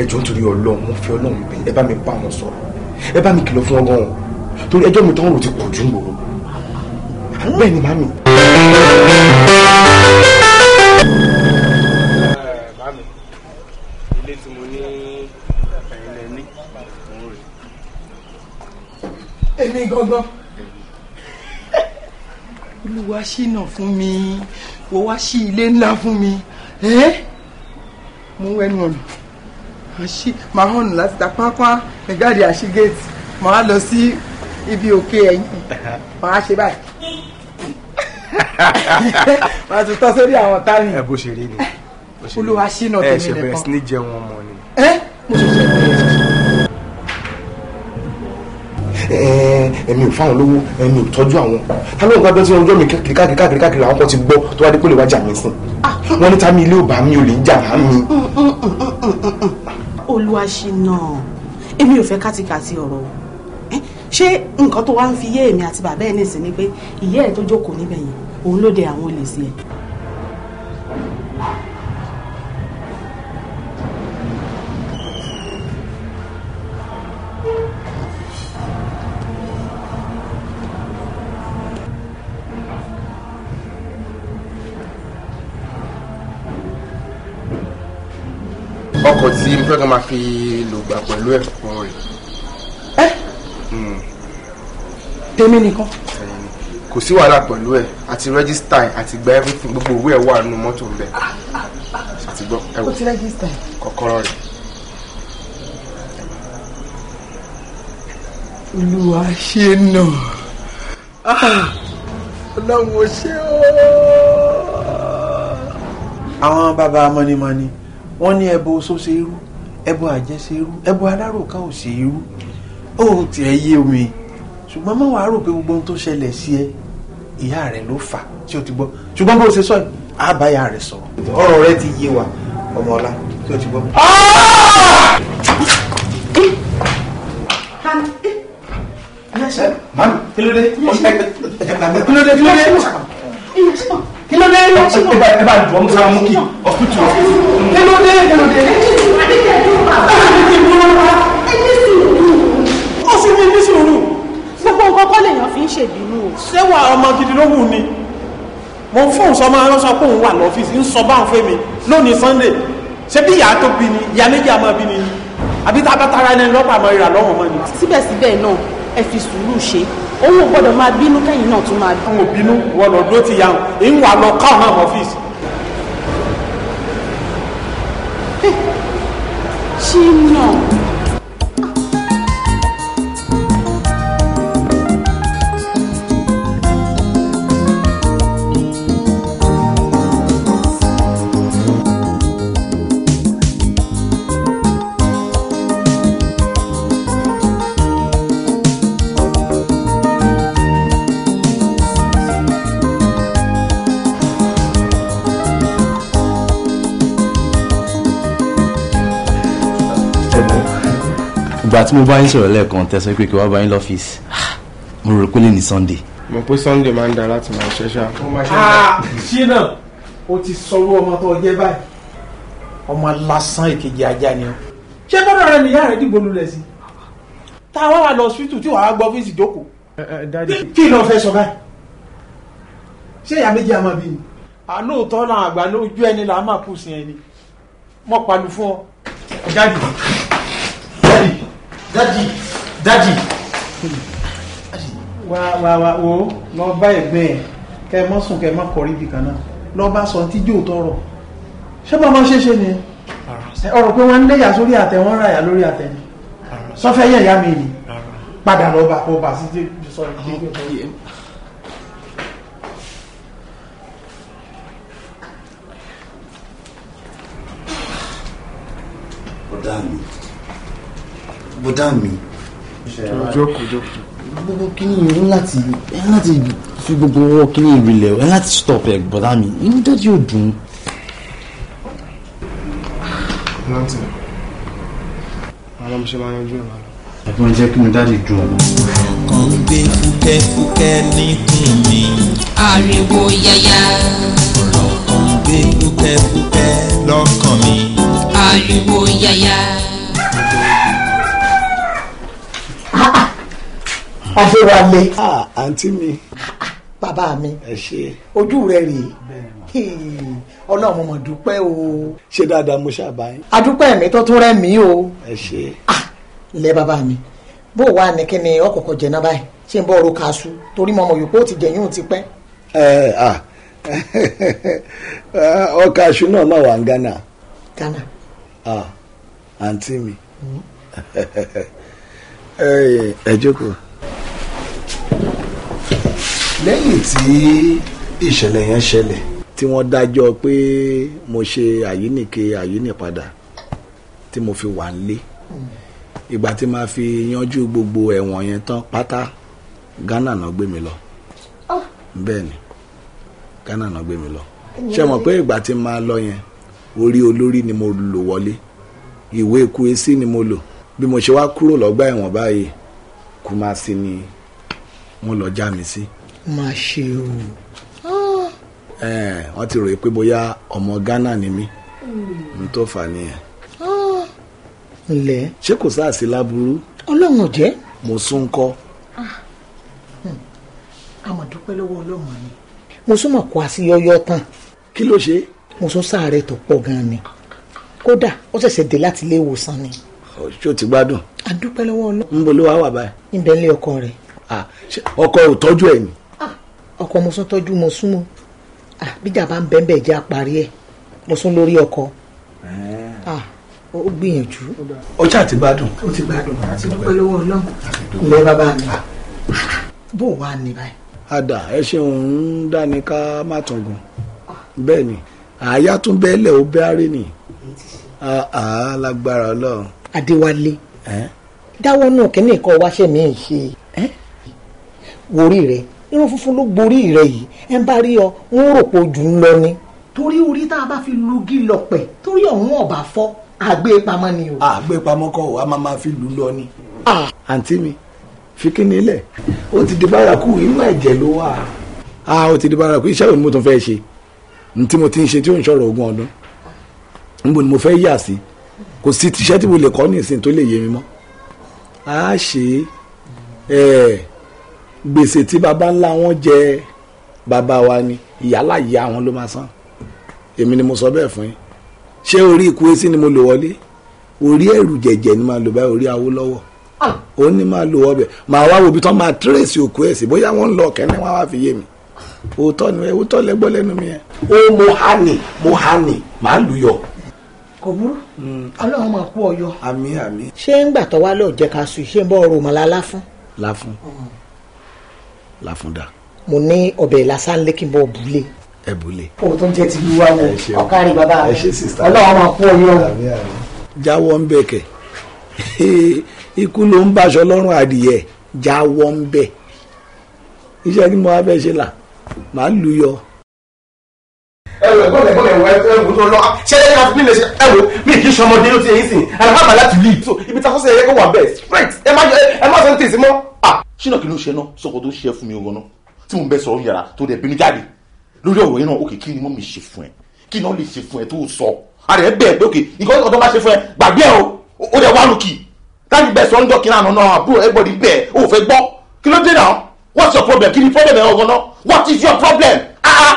S4: ẹ jọ̀ọ́ nítorí Ọlọ́run mo fi Ọlọ́run bẹ̀ ẹ bá mi bá wọn sọ̀rọ̀ ẹ bá mi kìlọ̀ fún ọgọ́rùn-ún torí ẹjọ́ mi tán rò ti pọ̀ jù ń gbòòrò bẹ́ẹ̀ ni màmí.
S6: màmí ilé tí mo ní ẹ̀yìnlẹ̀ ní òun
S4: rè. èmi gangan olúwa ṣínà fún mi wọ́n wá sí ilé ńlá fún mi mo wẹnu ọ̀nà màá hàn láti ta pápá ẹ̀gáàdì àṣegéètì màá lọ sí ibi òkè ẹ̀yìn màá ṣe báyìí màá tún tọ́ sórí àwọn tání. ẹ bó ṣe rí ni olúwa ṣínà tèmi nìkan ẹ ṣe bẹ̀rẹ̀ sí ní jẹun ọmọ ni. ẹ mo ṣẹ̀ṣẹ̀ bẹ̀rẹ̀ èmi ò fáwọn lówó èmi ò tọ́jú àwọn ta ló ń gbàgbé tí wọ́n jọ́ mi káàkiri káàkiri káàkiri àwọn kan ti gbọ́ tó wá dé pé lè wá jà mí fún ah. wọn ní ta mi ilé ò bá mi ò lè jà á mi.
S2: Mm, mm, mm, olúwa ṣìnà èmi ò fẹ́ kátikàti ọ̀rọ̀ o ṣé nǹkan tó wá ń fi yé èmi àti bàbá ẹ̀ nìsín ni pé ìyá ẹ̀ tó jókòó níbẹ̀ yẹn òun ló de àwọn olè sí ẹ̀.
S4: ọkọ̀ tí mo fẹ́ kàn máa fi lògbà pẹ̀lú ẹ̀kọ́ rẹ̀ tèmi nìkan. kò sí wàhálà pẹ̀lú ẹ̀ àti rẹ́gísítà ẹ̀ àti gba everything gbogbo owó ẹ̀ wà nínú mọ́tò ń bẹ̀. àti gbọ́ ẹ wò kọ́kọ́rọ́ rẹ̀. olúwa ṣe nà ah, ọlọ́run ò ṣe ọ́. àwọn bàbá mọ́nímọ́ní wọ́n ní ẹbọ oṣó ṣe irú ẹbọ àjẹsẹ irú ẹbọ aláròká ò ṣe irú ó tiẹ̀ yé omi ṣùgbọ́n má wàá rò pé gbogbo ohun tó ṣẹlẹ̀ sí ẹ ìyá rẹ ló fà tí o ti gbọ́ ṣùgbọ́n bó o ṣe sọ yìí á bá ìyá rẹ sọ̀rọ̀ ọ̀rọ̀ rẹ ti yé wa ọmọ ọlá tí o ti gbọ́. Mami, kí ló dé? Kí ló dé? Kí ló dé? Kí ló dé? Ẹ bá jọ Musa mú kí ọ̀tútù.
S2: Kí ló dé? Kí ló dé? sì ní ní sùúrù. gbogbo nǹkan kọ́ lèèyàn fi ń ṣèbínú o. ṣéwà ọmọ
S4: gidi ló wù ni mo fóun sọ máa ń sọ pé òun wà lọ́fíìsì ń sọ báwọn fẹ́ mi lónìí sunday ṣé bí ìyá tó bí ni ìyá méjì àmọ́ bí ni àbí tá a bá tara ẹni lọ́pàá àmọ́ ìrà lọ́wọ́
S2: mọ́ ni. síbẹ̀síbẹ̀ náà ẹ fi sùúrù ṣe owó gbọ́dọ̀ máa bínú kẹ́yìn náà tún máa. àwọn òbínú wọn lọ dúró ti yà wọn èyí ń wà lọ káwọn náà ọ́fíìsì. ṣé náà.
S7: tí mo bá
S4: yín sọ̀rọ̀ lẹ́ẹ̀kan tẹ̀sán pé kí wọ́n bá yín lọ́fíìsì mo rò pé lè ní sunday. mo pé sunday máa ń da láti máa ṣe ṣá. Ah, ṣé náà o ti sọ̀rọ̀ ọmọ tó jẹ́ báyìí ọmọ lásán èkejì ajá ni ọ. ṣé bọ́dọ̀ rẹ nìyá rẹ dìbò lulẹ̀ sí. tá a wá wà lọ hospital tí wàá gba ọ́fíìsì jókòó. kí ni o fẹ́ sọ báyìí. ṣé ìyá méjì àmọ́ bí ni. àlóòótọ́ làwọn àgbà lójú ẹni làá máa kù sí ẹni mọ́ palu fún ọ dádì dádì wà wà wà wo lọ bá ẹgbẹ́ ẹ̀ kẹ́ ẹ mọ́ sùn kẹ́ ẹ mọ́ kọrí ibì kan náà lọ bá sọ tí jò tọrọ ṣé bá máa ṣeéṣe ni ọ̀rọ̀ pé wọ́n ń léyà sórí àtẹ wọ́n ráyà lórí àtẹ ni sọ́fẹ́ yẹ̀yà mi ni padà lọ bá kó bá sí tí sọ ìdíje ọ̀dà bọ́dá mi.
S1: jókòó jókòó. gbogbo kíní yìí láti láti
S4: fi gbogbo owó kíní ìrìlẹ̀ ẹ láti stop ẹ bọ́dá mi inú dájú ò dùn. láti àwọn ọmọ ṣe máa
S1: yanjú ẹ̀ jẹ́ kí mi dájú dùn ọ̀nà. ọkàn gbé fúkẹ́fúkẹ́ níkùn mi. ariwo yáyá. ọ̀rọ̀ kan gbé fúkẹ́fúkẹ́ lọ́kàn mi. ariwo yáyá.
S4: adéwálé. àǹtí mi. bàbá mi ojú rẹ
S5: rèé
S4: ọlọ́run mo dúpẹ́ o. ṣé dáadáa mo ṣàbá yín. adúpẹ́ mi tó tún rẹ́ mi o. ẹ ṣe. ilé bàbá mi bó wà ní kí ni ọkọ̀ọ̀kọ̀ jẹ náà báyìí ṣé n bọ́ ọ̀rọ̀ kàṣu torí mọ́mọ́ yòókù ó ti jẹ̀yún ti pẹ́. ọkọ̀ à aṣọ náà máa wà ní gánà. Ghana. àǹtí mi mm-hmm. ẹ jókòó. lẹ́yìn tí ìṣẹ̀lẹ̀ yẹn ṣẹlẹ̀ tí wọ́n dájọ́ pé mo ṣe àyínìke àyínìpadà tí mo fi wà nílé ìgbà tí màá fi yanjú gbogbo ẹ̀wọ̀n yẹn tán pátá Ghana náà gbé mi lọ ah. bẹ́ẹ̀ ni Ghana náà gbé mi lọ ṣe mọ̀ pé ìgbà tí màá lọ yẹn orí olórí ni mo lò wọlé ìwé ku esí ni mo lò bí mo ṣe wá kúrò lọ́gbà ẹ̀wọ̀n báyìí Kumasi ni wọ́n lọ já mi sí. Si
S1: má ṣe o.
S5: Ah.
S4: Eh, wọ́n ti rò pé bóyá ọmọ Ghana ni mí
S3: n
S4: tó fà nìyẹn. Ah. ǹlẹ́. ṣé kò sáà sí láburú. ọlọ́run ò jẹ́. mo sún kọ́.
S3: àmọ̀ ah. hmm. dúpẹ́ lọ́wọ́ ọlọ́run
S4: ni mo sún mọ̀ kó a sí yọ́yọ́ tán. kí ló ṣe. mo sún sáàárẹ̀ tó pọ̀ gan-an ni kódà ó ṣẹ̀ṣẹ̀ dé láti ilé ìwòsàn ni. ṣó ti gbádùn. a lọ́wọ́ ọlọ́run. ń bo ló wá wà báyìí.
S3: níbẹ̀ ń ọkọ rẹ̀.
S4: ọkọ ò tọ́jú ẹ̀ ni
S3: ọkọ mo sún tọ́jú mo sún mọ́ ah, bíjà bá ń bẹ́ẹ̀ bẹ́ẹ̀ jẹ́ àparí ẹ̀ mo sún lórí ọkọ
S4: eh.
S3: ah, ó gbìyànjú.
S4: ọjà ti gbádùn. ó ti gbádùn àti dúpẹ́ lọ́wọ́ ọlọ́run ilé bàbá mi. Ah. bó o wá ní báyìí. àdà ẹ ṣeun ń dání ká má tọ̀gùn bẹ́ẹ̀ ni àyà tún bẹ́ẹ̀lẹ̀ ó bẹ́ẹ̀rẹ̀ ni àá lágbára ọlọ́run. adéwálé eh? dáwọ́ náà kíní ìkọ́ wáṣẹ́ mi ń ṣe eh? wórí rẹ̀ irun funfun ló gborí rẹ yìí ẹ ń bá rí ọ ń rò pé ojú ń lọ ni. torí orí tá a bá fi lugi lọpẹ
S3: torí ọ̀hún ọ̀bà fọ́ àgbé e pamọ́ ni
S4: o. àgbé e pamọ́ kọ́ ò máa ma fi lù lọ ni. àǹtí mi fi kí ni ilẹ̀ ó ti di bárakú inú ẹ̀jẹ̀ ló wà. a ó ti di bárakú iṣẹ́ òní mo tún fẹ́ ṣe ní tí mo ti ń ṣe tí ó ń ṣọ̀rọ̀ ogún ọdún níbo ni mo fẹ́ yà sí kò sí tìṣẹ́ tí mo lè kọ́ ní ìsìn tó lè yé mi mọ́ a ṣe é gbèsè tí baba ńlá wọn jẹ baba wa ni ìyálà ìyá wọn ló máa san èmi ni mo sọ bẹ́ẹ̀ fún yín ṣé orí ikú esí ni mo lò wọlé orí ẹ̀rù jẹ̀jẹ̀ ni máa lò báyìí orí Awólọ́wọ̀ òun ah. ni máa lò wọbẹ̀ màá wá wo ibi tán máa tírèsì òkú ẹ̀ sí bóyá wọ́n ń lọ ọ̀kẹ́ ní wọ́n wá fi yé mi òótọ́ ni òótọ́ lẹ́gbọ́ lẹ́nu mi yẹn. ó mo hà ní mo hà ní màá lù yọ. kò burú hmm. ọlọ́run máa kú ọyọ. àmín ṣé ń gbà tọ́ wá lọ́ọ̀ jẹ́ ká sùn ṣé ń bọ́ ọ̀rọ̀ màlá láfún. láfún. Mm láfúndà. mo ní ọbẹ̀ lásán lẹ́kìnbọ̀ bùlé. ẹ bùlé. o tó ń jẹ ti wíwá wo ọ̀kárí bàbá rẹ ọlọ́run máa kú ọyọ́ o. jáwọ́ ń bẹ̀ kẹ̀ ikú ló ń báṣọ lọ́rùn adìyẹ jáwọ́ ń bẹ̀ iṣẹ́ ni mo wá fẹ́ ṣe là màá lù yọ ẹwọ ẹ̀gbọ́n mi ẹ̀gbọ́n mi ẹwọ ẹwọ ẹwọ tó lọ ṣẹlẹ̀ ká mi lè ṣe ẹwọ mi kì í ṣe ọmọdé ló ti yẹn sìn àlàbàbà láti lead so ibi tí a sọ sí ẹyẹ kó wà bẹ́ẹ̀ straight ẹ má
S7: ẹ má sọ ní tèsí mọ́. Ah ṣínà kí ló ṣe náà sọkọ tó ṣe fún mi ọgọ náà tí mo ń bẹ sọ̀rọ̀ yàrá tó dẹ̀ bínú jáde lórí ọ̀rọ̀ yìí náà òkè kí ni mo mi ṣe fún ẹ kí náà lè ṣe fún ẹ tó sọ àrẹ ẹ bẹ́ẹ̀ pé òkè nǹkan ọ̀dọ́ bá ṣe fún ẹ gbàgbé ẹ o ó dẹ̀ wá lùkì láti bẹ sọ̀rọ̀ ń dọ̀kì náà náà
S4: àbúrò ẹ gbọ́dọ̀ bẹ́ẹ̀ o fẹ́ gbọ́ kí ló dé náà what's your problem kí ni problem ẹ ọgọ náà what is your problem ah ah.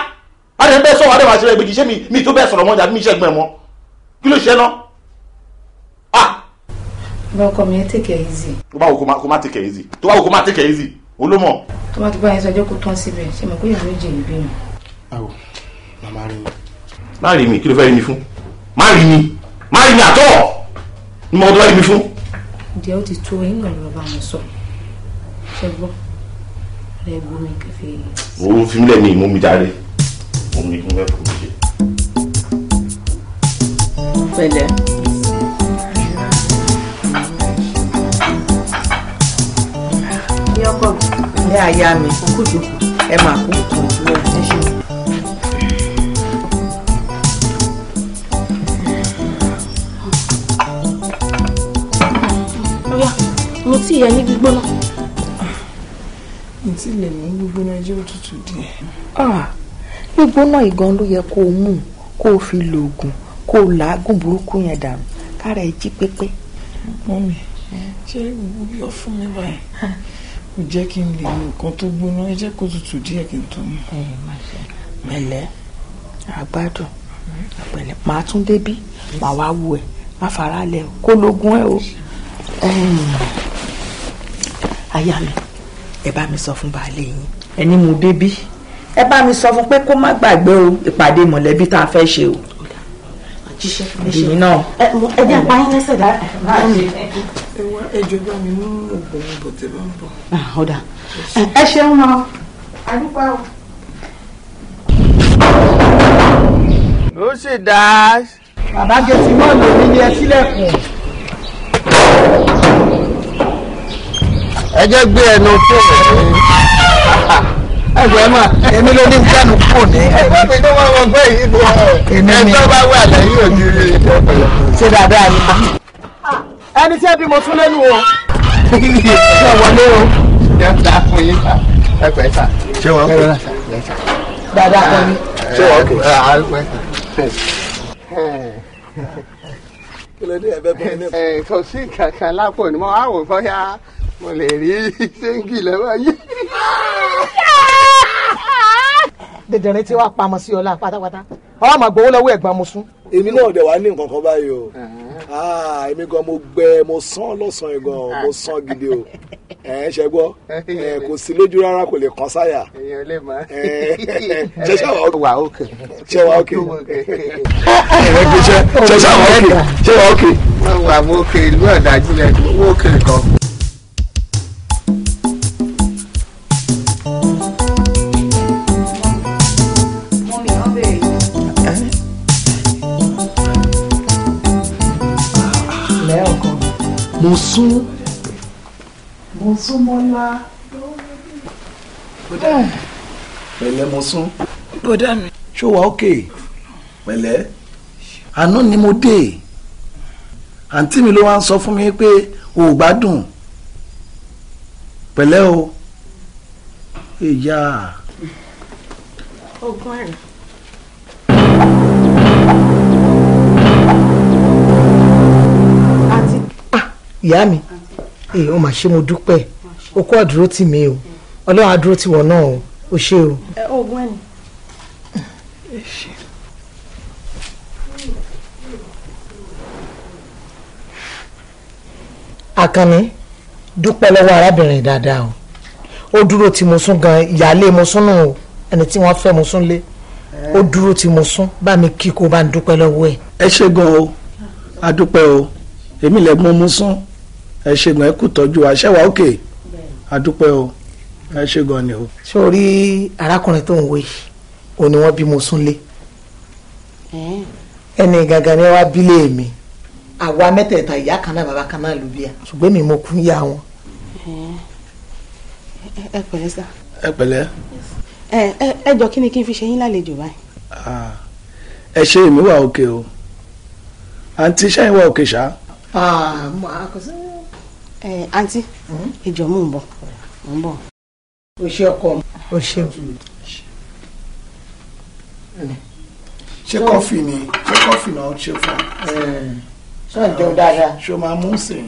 S4: àrẹ ẹ bẹ́ẹ̀ sọ̀rọ̀ àrẹ màá ṣe rẹ̀ gbèjì ṣé mi mi tó bẹ́ẹ̀ sọ̀rọ̀ mọ́
S3: bọ́kọ mi ẹ tèkẹ́ easy. tó bá
S7: wò kó má kó má tèkẹ́ easy tó bá wò kó má easy ó ló mọ̀.
S3: tó bá ti bá yẹn sọ ẹjọ́ kó tán síbẹ̀ ṣe mọ̀ pé ìyàwó
S2: ìjì ń bí mi. àwò màmá rí
S7: mi. má rí mi kí ló fẹ́ rí mi fún má rí mi
S2: má rí mi àtọ̀
S7: ni mo dọ́ rí mi fún.
S2: ǹjẹ́ ó ti tó ẹ̀yìn náà lọ́ba mi sọ ṣe gbọ́ rẹ̀ gbómi kẹfẹ́ yìí.
S7: òun fi mí lẹ́nu ìmú mi dáre òun ni mo fẹ́ fún mi ṣe.
S3: pẹ̀lẹ́. ní aya mi kúkúdù ẹ máa kú
S2: kùtù ẹ ṣe.
S3: mo tí ìyá ní gbígbóná. mi
S1: tí lè mú gbígbóná jẹ́ òtútù díẹ̀.
S3: Ah, gbígbóná ìgan ló yẹ kó o mú kó o fi lo oògùn kó o làágùn burúkú yẹn dànù kára ẹ jí pépé. mọ́mi ṣé gbogbo yọ fún mi báyìí ó jẹ́ kí n lè mú nǹkan tó gbóná ẹ jẹ́ kó tutù díẹ̀ kí n tó mú. mẹlẹ àgbàdo àpẹlẹ màá tún débí
S2: màá wá wù ẹ má fara lẹ
S3: kó lógún ẹ o.
S2: aya mi ẹ bá mi sọ fún baálé yín ẹni mo débí
S3: ẹ bá mi sọ fún pé kó má gbàgbé o ìpàdé mọ̀lẹ́bí tá a fẹ́ ṣe o
S2: jíṣẹ́ fún mi ṣe. èmi náà. ẹ jẹ́ apá yín lẹ́sẹ̀ dá. ẹjọ́ bá mi mú òògùn ìbò tẹ́ bá ń bọ̀. ọ̀dà ẹ ṣeun náà àdúpẹ́ o. ló ṣe dáa. bàbá
S4: gẹ̀ẹ́sì náà lè rí ẹ sílẹ̀kùn.
S1: ẹ jẹ́ gbé ẹnu fún ẹ̀ ẹgbẹ́ mà èmi ló ní jánu kò ní. ẹgbẹ́ mi ló máa wọ gbẹ́ yìí bọ̀ ẹjọ́ bá wà lẹ́yìn òjì
S4: ṣé dáadáa ni. ẹni tí ẹ bí tún lẹ́nu o. ṣé ẹ wọlé o. ṣé ẹ ta fún yín ta ẹ pẹ́ ta.
S1: ṣé wọn kò
S3: dáadáa kọ́ ni. ṣé wọn kò ẹ á
S1: pẹ́ ta. kò sí kankan lápò ni mo á wò bóyá mo lè rí ṣéǹgì lọ́wọ́ yìí.
S2: dẹ̀dẹ̀rin tí wàá pamọ́ sí ọlá pátápátá ọwọ́ àmọ́
S4: gbowó lọ́wọ́ ẹ̀gbọ́n mo sún. èmi náà dẹ̀ wá ní nǹkan kan báyìí o ah, èmi gan mo gbẹ mo sán lọ́sàn-án gan mo sán gidi o ẹ ṣe gbọ́ kò sí lójú rárá kò lè kàn sáyà
S1: ṣe ṣe wà ókè ṣe wà ókè ṣe ṣe wà ókè ṣe wà ókè. wà mo kè ìlú ọ̀dájú rẹ̀ mo kè kàn.
S4: ń sún mola. ń sún mọ́lá pẹ̀lẹ́ mo sún. bọ́dà mi. ṣó wa ókè pẹ̀lẹ́ àná ni mo dé àǹtí mi ló wá ń sọ fún mi pé o ò gbádùn pẹ̀lẹ́ o. ìyá. ogun ẹ̀rọ. ìyá mi ẹ eh, ọ mà ṣe mo dúpẹ́ o kó àdúró tì mí o ọlọ́run àdúró tì wọ́n náà o o ṣe o.
S2: ẹ oògùn ẹ ní.
S3: àkànní dúpẹ́ lọ́wọ́ arábìnrin dáadáa o ó dúró tí mo sún gan ìyáálé mo sún nù o ẹni tí wọ́n fẹ́ mo sún lé ó dúró tí mo sún bá mi kí kó bá ń dúpẹ́ lọ́wọ́ ẹ̀. ẹ ṣe gan
S4: o a o èmi lè mú mo sún ẹ ṣe gan ẹ kú tọ́jú wa ṣẹ́ wa òkè àdúpẹ́ o ẹ ṣe gan ni o.
S3: ṣé o tó ń
S4: wo yìí o ni wọ́n bí mo súnlé ẹni gangan ni wàá bílé mi
S2: àwa mẹ́tẹ̀ẹ̀ta ìyá kan náà bàbá kan náà ló bí a
S4: ṣùgbọ́n mi mo kún ya wọn. ẹ pẹ̀lẹ́ sá. ẹ pẹ̀lẹ́.
S2: ẹ ẹ jọ kí ni kí n fi ṣe yín lálejò báyìí.
S4: ẹ ṣe èmi wà òkè o àǹtí ṣẹ́yìn wà òkè ṣá.
S2: àmọ́ àkọsílẹ̀. Eh, hmm? ẹ àǹtí ìjọ mò ń bọ̀ mò ń bọ̀. o ṣe ọkọ mi. o ṣe.
S4: ṣé kọfí ni ṣé kọfí náà ó ṣe fún ọ. Eh, ṣé ìjọ dáadáa. ṣé o máa mú sìn.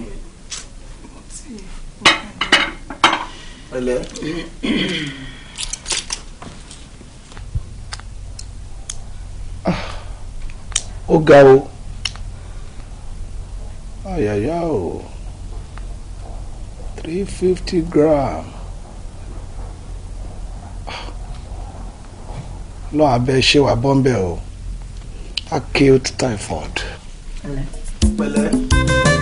S4: pẹ̀lẹ́. ó ga o àyàyà o three fifty gram lọ abẹ ṣe wà bọ́m̀bẹ̀ o acute typhoid. Mm -hmm.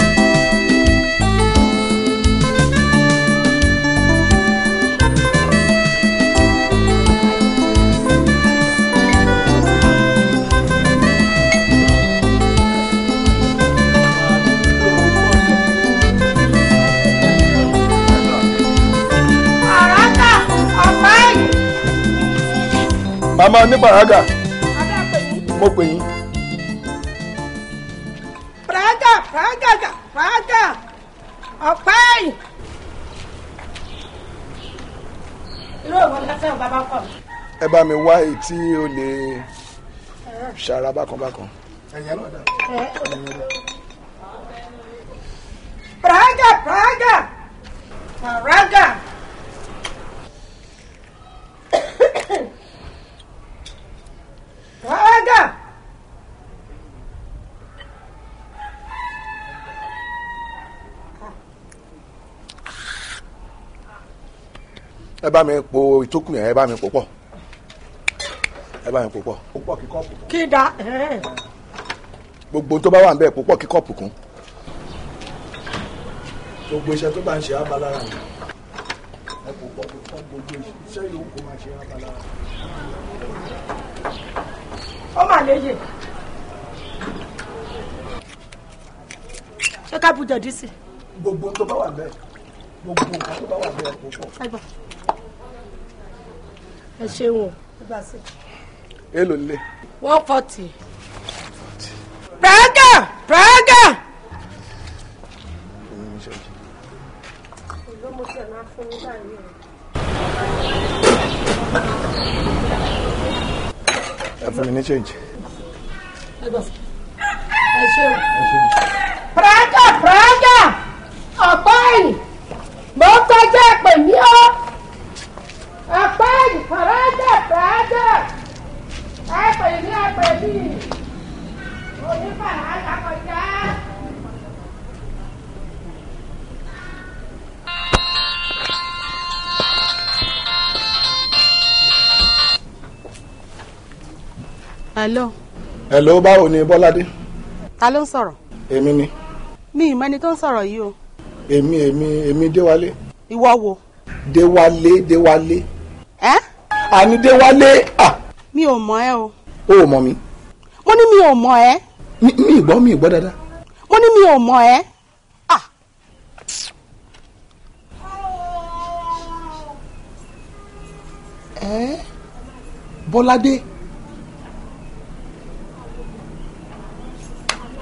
S4: màmá ní bàrágà mo pè yín.
S2: bàrágà bàrágà bàrágà ọ̀pá ẹ̀yìn. irú òwò lásán bàbá kọ mi.
S4: ẹ bá mi wá èyí tí o lè ṣàrà bákanbákan.
S3: bàrágà bàrágà bàrágà.
S2: Kaga!
S4: ẹ bá mi po ìtókùn yẹn ẹ bá mi po pọ̀ ẹ bá mi po pọ̀ ó pọ̀ kí kọ́ọ̀pù kún. kí da gbogbo tó bá wà níbẹ̀ púpọ̀ kí kọ́ọ̀pù kún. gbogbo iṣẹ́ tó bá ń ṣe abalára mi ẹ pò pọ̀ kí kọ́ọ̀pù gbogbo iṣẹ́ yòókù máa ṣe abalára ó mà léyè. ṣé ká bu jẹ̀dí sí. gbogbo tó bá wà bẹ́ẹ̀ gbogbo nǹkan
S3: tó bá wà bẹ́ẹ̀ kò pọ̀. ẹ ṣeun o.
S4: èlò lè.
S2: one forty. praga praga.
S5: olómọ̀tẹ̀ máa
S4: ẹ fún mi
S3: praga praga ọ̀pá volta mo kọjá pè mí praga praga ẹ pè mí ẹ pè mí onífàlà
S2: hello.
S4: hello báwo ni bọ́ládé. ta ló ń sọ̀rọ̀. èmi ni.
S2: mi ìmọ̀ ẹni tó ń sọ̀rọ̀ yìí o.
S4: èmi èmi èmi déwálé. ìwọ wo. déwálé déwálé. ẹ. àní déwálé.
S2: mi ò mọ ẹ o. o ò mọ mi. mo ní mi ò mọ ẹ.
S4: mi ìgbọ́ mi ìgbọ́ dáadáa.
S2: mo ní mi ò mọ ẹ
S4: bọ́ládé.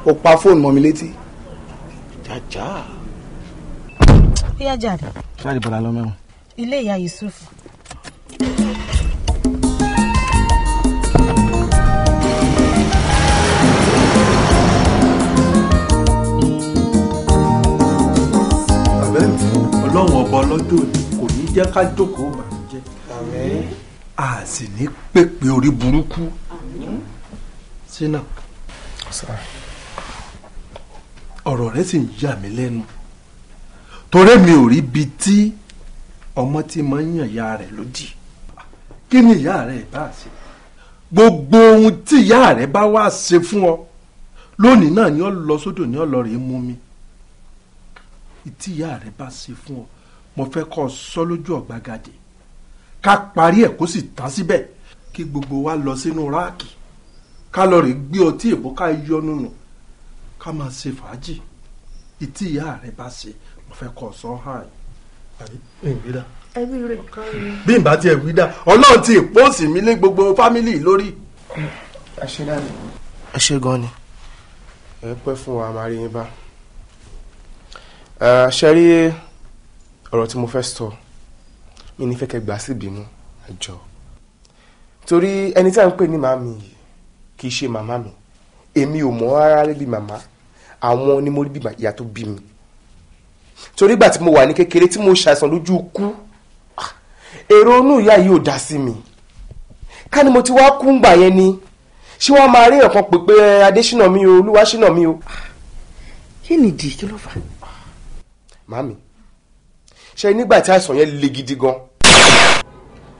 S4: o pa fóònù mọ́ mi létí. jàjà.
S3: bóyá
S2: jáde.
S4: jáde padà lọ mẹ́wọ̀n.
S2: ilé ìyá Yusuf.
S4: ọlọ́run ọba ọlọ́dún kò ní jẹ́ ká jókòó bàjẹ́ a sì ní pèpè orí burúkú sínà. Sorry ọ̀rọ̀ rẹ sì ń yà mí lẹ́nu torí mi ò rí ibi tí ọmọ tí mo ń yàn ìyá rẹ̀ lódì kí ni ìyá rẹ̀ bá ṣe gbogbo ohun tí ìyá rẹ̀ bá wá ṣe fún ọ lónìí náà ni ọ lọ sódò ni ọ lọ rèé mú mi tí ìyá rẹ̀ bá ṣe fún ọ mo fẹ́ kọ́ ọ sọ lójú ọ̀gbagadè ká parí ẹ̀ kó sì tán síbẹ̀ kí gbogbo wa lọ sínú ráàkì ká lọ rèé gbé ọtí ìbò ká yọnu ká máa ṣe fàájì ìtì ìyá rẹ bá ṣe mo fẹ́ kọ́ sọ hàn àbí ìgbéra. ẹbí rẹ bí n bá tiẹ̀ wí dá ọlọ́run ti ìpóòsì mi lé gbogbo fámìlì lórí. ẹ ṣe gan ni ẹ pẹ́ fún wa máa rí yín bá ṣe rí ọ̀rọ̀ tí mo fẹ́ sọ mi ní fẹ́kẹ́ gbà sí ìbínú àjọ torí ẹni tí a ń pè ní màmí yìí kì í ṣe màmá mi èmi ò mọ̀ rárá lébi màmá àwọn ni mo rí bí ìyá tó bí mi torí ìgbà tí mo wà ní kékeré tí mo ṣàìsàn lójú kú ah, èrò inú ìyá yìí ò dá sí mi ká ni mo ti wá kú ngbà yẹn ni ṣé wọ́n máa rí ọ̀kan pè pé eh, adésínà mi o olúwaṣínà mi o. Ah. kí ni ìdí kí ló fà. màmí ṣe nígbà tí àìsàn yẹn le gidi gan.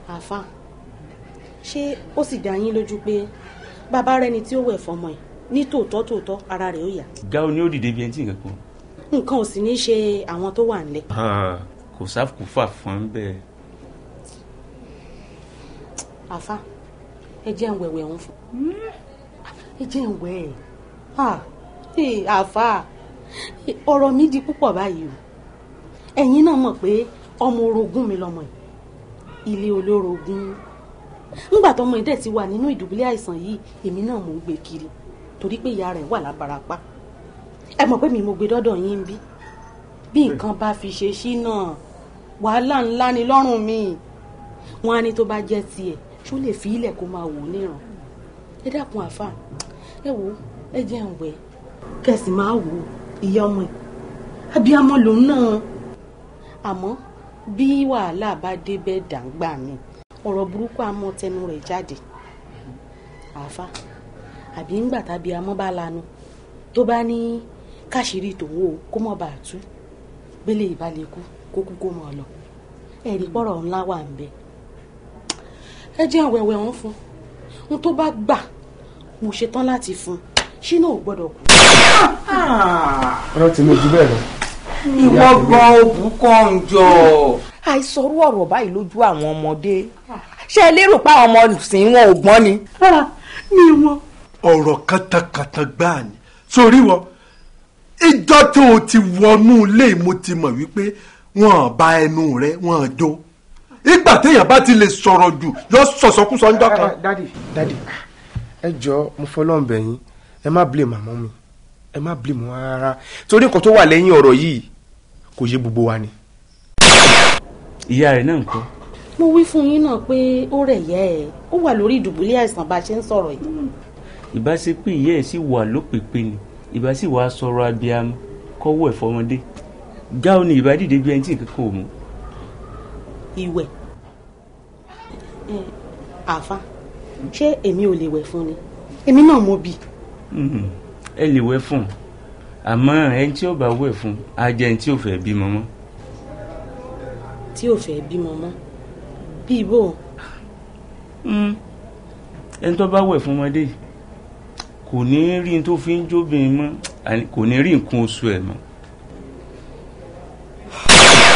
S2: àfa ṣé ó sì dá yín lójú pé bàbá rẹ ni tí ó wẹ̀ fọmọ yìí ní tòótọ́ tòótọ́ ara rẹ̀ ó yá.
S8: gáwo ni ó dìde bí ẹni tí nǹkan kan.
S2: nǹkan ò sì ní ṣe àwọn tó wà nílẹ̀.
S8: kò sáfùkúfà fún bẹ́ẹ̀.
S2: àfa ẹ jẹ́ ń wẹ̀wẹ̀ ń fún. ẹ jẹ́ ń wẹ̀ ẹ̀ àfa ọ̀rọ̀ mi di púpọ̀ báyìí o ẹ̀yin náà mọ̀ pé ọmọ orogún mi lọmọ yìí ilé olórogún ńgbà tọmọ yìí dẹ̀ ti wà nínú ìdùbúlẹ̀ àìsàn yìí èmi náà mò ń gbé kiri torí pé ìyá rẹ̀ wà lábarapá ẹ mọ̀ pé mi mo gbé dọ́dọ̀ yín ń bí bí nǹkan bá fi ṣe sí náà wàhálà ńlá ni lọ́rùn mi wọn á ní tó bá jẹ́ tiẹ̀ ṣó lè fi ilẹ̀ kó máa wò níran ẹ dákun àfà ẹ wò ẹ jẹ́ ń wẹ̀ kẹ̀sì máa wò ìyá ọmọ ẹ̀ abiyamọ lòun náà àmọ́ bí wàhálà bá débẹ̀ dàgbà mi ọ̀rọ̀ burúkú àmọ́ tẹnu rẹ̀ jáde àfà àbí ńgbà tàbí amọ́ bá lanu tó bá ní káṣírí tòun o kó mọ̀ bá a tú gbélé ìbálẹ̀ kú kó kú kó mọ̀ lọ ẹ̀rí pọ̀rọ̀ ńlá wà ń bẹ ẹ jẹ́ àwẹ̀wẹ̀ wọn fún un tó bá gbà mo ṣetán láti fún un ṣínà ò gbọ́dọ̀ kú.
S4: ọ̀rọ̀ tèmi ò jù bẹ́ẹ̀ lọ. ìwọ gan òbú kan jọ.
S2: àìsọrú ọ̀rọ̀ báyìí lójú àwọn ọmọdé ṣé ẹ lérò pé àwọn ọmọ
S4: sìn wọn ò gbọ́n ni. rárá mi wọn ọ̀rọ̀ kàtàkàtà gbáà ni sórí wọ ìjọ tó o ti wọnú ilé mo ti mọ̀ wípé wọ́n bá ẹnu rẹ wọ́n jó ìgbà téèyàn bá ti lè sọ̀rọ̀ jù yọ sọ̀sọ̀kúsọ ńjọ́ kan. dadi dadi ẹ jọ mo fọlọ́n bẹ̀ yín ẹ má blé màmá mi ẹ má blé mọ́ rárá torí nǹkan tó wà lẹ́yìn ọ̀rọ̀ yìí kò yé gbogbo wa ni.
S8: ìyá rẹ̀ náà ń kọ́.
S2: mo wí fún yín náà pé ó rẹ̀ yẹ ẹ́ ó wà lórí ìdùbúlẹ̀ àìsàn bá a ṣe ń sọ̀rọ̀ yìí
S8: ìbá ṣe pé ìyá ẹ̀ sì wà lópèpé ni ìbá sì wà sọ̀rọ̀ abiyamọ kọ́wọ́ ẹ̀ fọmọdé gáwọn ni ìbá dìde bí ẹni tí nǹkan kan ò mú.
S2: ìwẹ̀ àfa ṣé èmi ò lè wẹ̀ fún ni èmi náà mo bì.
S8: Mm-hmm. ẹ lè wẹ̀ fún àmọ́ ẹni tí ó bá wẹ̀ fún á jẹ́ ẹni tí ò fẹ́ bímọ mọ́.
S2: tí ò fẹ́ bímọ mọ́ bíi hmm.
S8: ẹni tó bá wẹ̀ fún ọmọdé yìí kò ní rí n tó fi ń jóbìnrin mọ́ kò ní rí nǹkan oṣù ẹ̀ mọ́.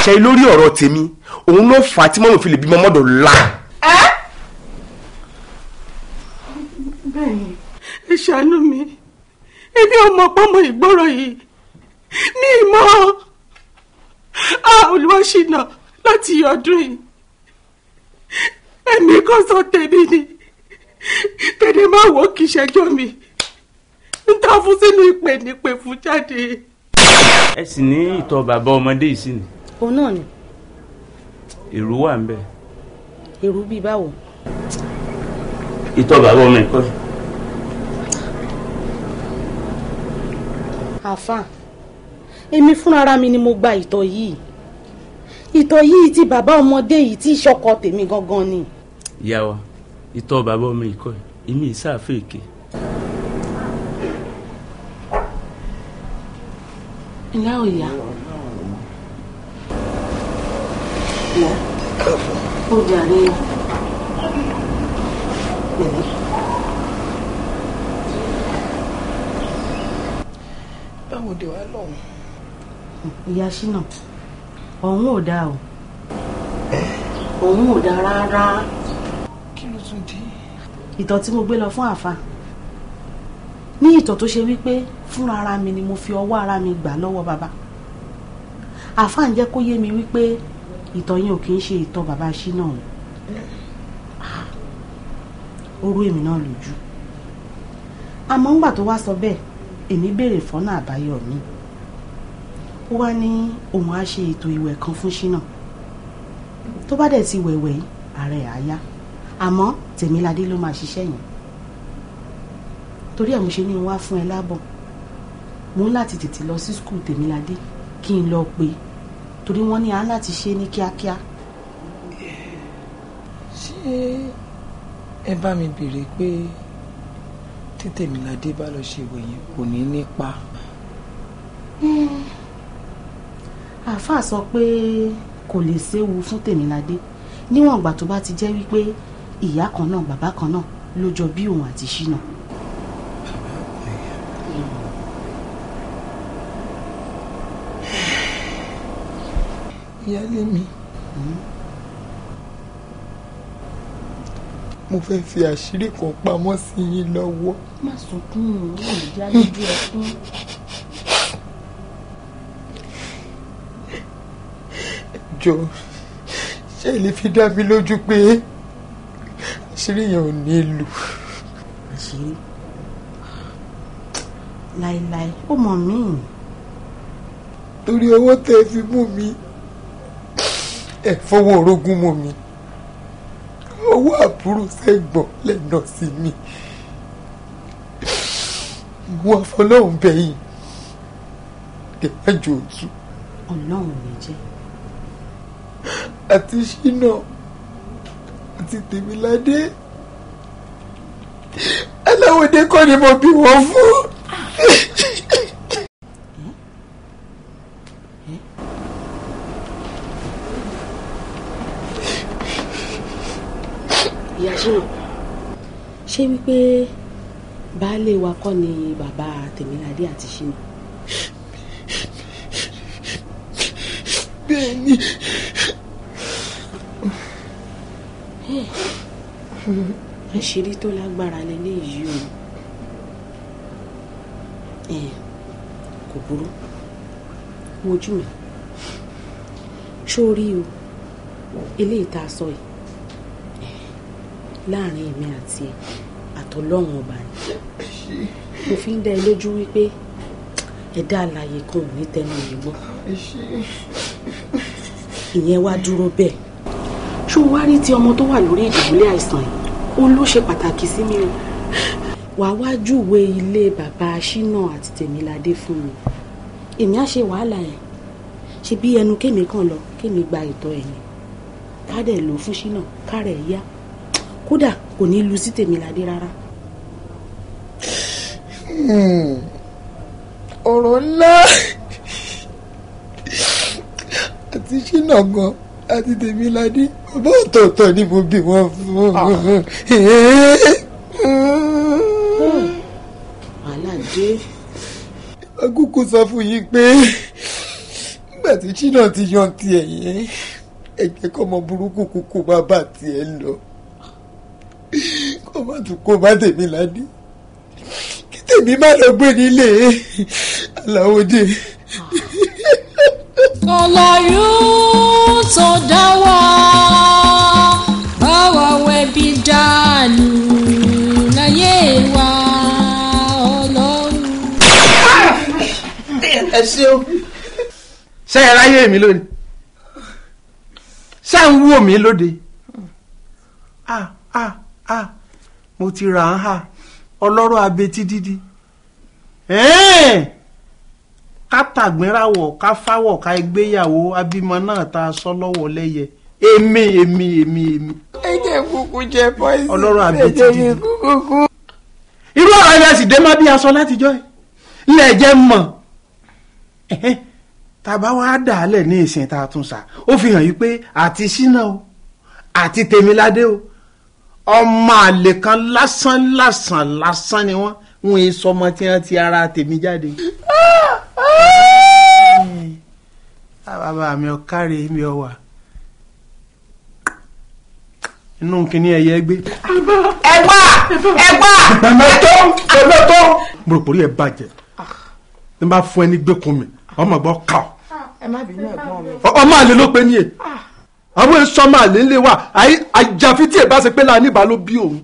S8: ṣe lórí ọ̀rọ̀ tèmi òun ló fà á tí mọ́mọ́ fi lè bímọ mọ́dọ̀ la.
S2: bẹ́ẹ̀ni ẹ ṣàánú mi èmi ò mọ̀ pọ́nmọ́ ìgbọ́rọ̀ yìí ní ìmọ̀ olùwàṣìnà láti ọdún yìí ẹ̀mí kan tèmi ni
S4: kẹ̀dẹ̀ máa wò ó ṣẹjọ́ mi ń ta fún sínú ìpè
S2: nípè fún jáde.
S8: ẹ sì ní ìtọ̀ bàbá ọmọdé yìí sí ni. òun náà ni. èrú wà ń bẹ.
S2: èrú bíi báwo.
S8: ìtọ̀ bàbá ọmọ ẹ̀kọ́.
S2: àáfà èmi fúnra mi ni mo gba ìtọ̀ yìí ìtọ̀ yìí ti bàbá ọmọdé yìí tí ìṣọkọ tèmi gangan ni.
S8: ìyá wa ìtọ̀ bàbá ọmọ ìkọ́ èmi ìsáàfẹ́ èké.
S2: Ìlà òyà. Ìlà. Ó di àríyá.
S3: Báwo de wá lọ́hùn?
S2: Ìyá Ṣínà, ọ̀hún ò dáa o.
S3: Ọ̀hún ò dáa rárá. Kí ló tún dé?
S2: Ìtọ̀ tí mo gbé lọ fún àfa. Ní ìtọ̀ tó ṣe wípé fúnra ara mi ni mo fi ọwọ́ ara mi gbà lọ́wọ́ bàbá àfáà ń jẹ́ kó yé mi wípé ìtọ̀ yín ò kì í ṣe ìtọ̀ bàbá ṣínà o orú ah, èmi náà lójú àmọ́ ńgbà tó wá sọ bẹ́ẹ̀ èmi béèrè fọ́nà àbáyọ mi ó wá ní òun á ṣe ètò ìwẹ̀ kan fún ṣínà tó bá dẹ̀ ti wẹ̀wẹ̀ yìí ààrẹ àyà àmọ́ tèmíládé ló máa ṣiṣẹ́ yẹn torí ẹ̀ mo ṣe ní wá fún ẹ lábọ̀ mo ń láti tètè lọ sí skul tèmíládé kí n lọ pé torí wọ́n ní a láti ṣe ní kíákíá. ṣé
S3: ẹ bá mi béèrè pé tètèmíládé bá lọ ṣe wẹ̀yìn kò ní nípa.
S2: Hmm. àáfàá sọ pé kò lè séwu fún tèmíládé níwọ̀n ìgbà tó bá ti jẹ́ wípé ìyá kan náà bàbá kan náà ló jọ bí òun àti ṣínà.
S1: ìyáálé mi
S4: mo fẹ́ fi àṣírí kan pamọ́ sí yín lọ́wọ́.
S2: má sunkún o ò lè já lójú ẹkún.
S4: jọ ṣé ẹ lè fi dá mi lójú pé àṣírí yẹn ò
S2: ní lù. àṣírí láéláé ó mọ̀ mí. torí owó tẹ́ ẹ fi mú mi
S4: ẹ fọwọ́ orógún mọ́ mi owó àbúrò sẹ́gbọ̀n lẹ́nà sí mi wọ́n fọlọ́hún bẹ́yìn ẹ̀ẹ́dẹ́jọ́ òtún. ọlọ́run mi jẹ́. àti ṣínà àti tèmiládé
S1: aláwọ̀dé kọ́ ni mo bí wọ́n fún. Ah.
S2: jìnnà ṣé wípé baálé wa kọ́ ni bàbá tèmíládé àti ṣínà. bẹ́ẹ̀ni. àṣírí tó lágbára lélẹ́yìí o kò burú wojú mi ṣó o eléyìí tá a sọ yìí láàrin èmi àti àtọlọ́run ọba ni mo fi ń dá ẹ lójú wípé ẹ̀dá alààyè kan ò ní tẹnu mi gbọ́ ìyẹn wá dúró bẹ́ẹ̀ ṣó o wá rí ti ọmọ tó wà lórí ìdùbúlẹ̀ àìsàn yìí ó ló ṣe pàtàkì sí mi o wàá wá júwe ilé bàbá ṣínà àti tèmiládé fún mi èmi á ṣe wàhálà yẹn ṣe bí ẹnu kémi kan lọ kémi gba ìtọ́ ẹ̀yìn ká dẹ̀ lò fún ṣínà ká rẹ̀ yá kódà kò ní lu sí Tèmiládé rárá. Hmm. ọ̀rọ̀ ńlá àti ṣínà
S4: gan àti Tèmiládé bàbá ọ̀tọ̀ọ̀tọ̀ ni mo bí wọn fún wàhálà
S1: dé. agúkú sọ fún yín pé nígbà tí ṣínà ti yan tiẹ̀ yẹn
S4: ẹ̀jẹ̀ kọ́mọ burúkú kúkú bá bá tiẹ̀ lọ ó má tún kó bá tèmi ládé kí tèmi má lọ gbé nílé
S1: aláwòdì.
S3: ọlọ́yún tó dá wa báwa wẹ̀bi dànù láyé wa ọlọ́run.
S1: ẹ ṣeun ṣe é ráyè mi lónìí
S4: ṣe ń wò mí lóde
S1: ah ah ah
S4: mo ti rà á hà ọlọ́rọ̀ abetí dídí ká tàgbérawọ̀ ká fáwọ̀ ká gbéyàwó abímọ náà tá a sọ lọ́wọ́ lẹ́yẹ èmi èmi èmi èmi. ẹ̀jẹ̀ kúkú jẹ pọ́ìsì ọlọ́rọ̀ abetí dídí irú ọ̀rọ̀ ẹ̀rẹ́ sì dé má bí aṣọ látijọ́ ẹ̀ ńlẹ̀ jẹ́ mọ̀ tàbá wa dà á lẹ̀ ní ìsìn tá a tún sà ó fi hàn yí pé àti ṣínà o àti tèmiládé o ọmọ àlè kan lásán lásán lásán ni wọ́n wọ́n yìí sọmọ tí wọ́n ti ara tèmi jáde. Ah, bàbá mi ò káre mi ò wà inú kínní ẹyẹ gbé. ẹgbà ẹgbà. ẹgbà tó ẹgbà tó. mo rò pé orí ẹ bàjẹ́ ní bá fún ẹ ní gbẹ́kùn mi ọmọ ẹgbọ́n kà ọ. Ah, ẹ má bínú ẹ̀gbọ́n mi. ọmọ àlè ló pe ní e àwọn èso ọmọ àlè ńlẹ wa àjàfi tí èbá ṣe pé láàánú ìbá ló bí òun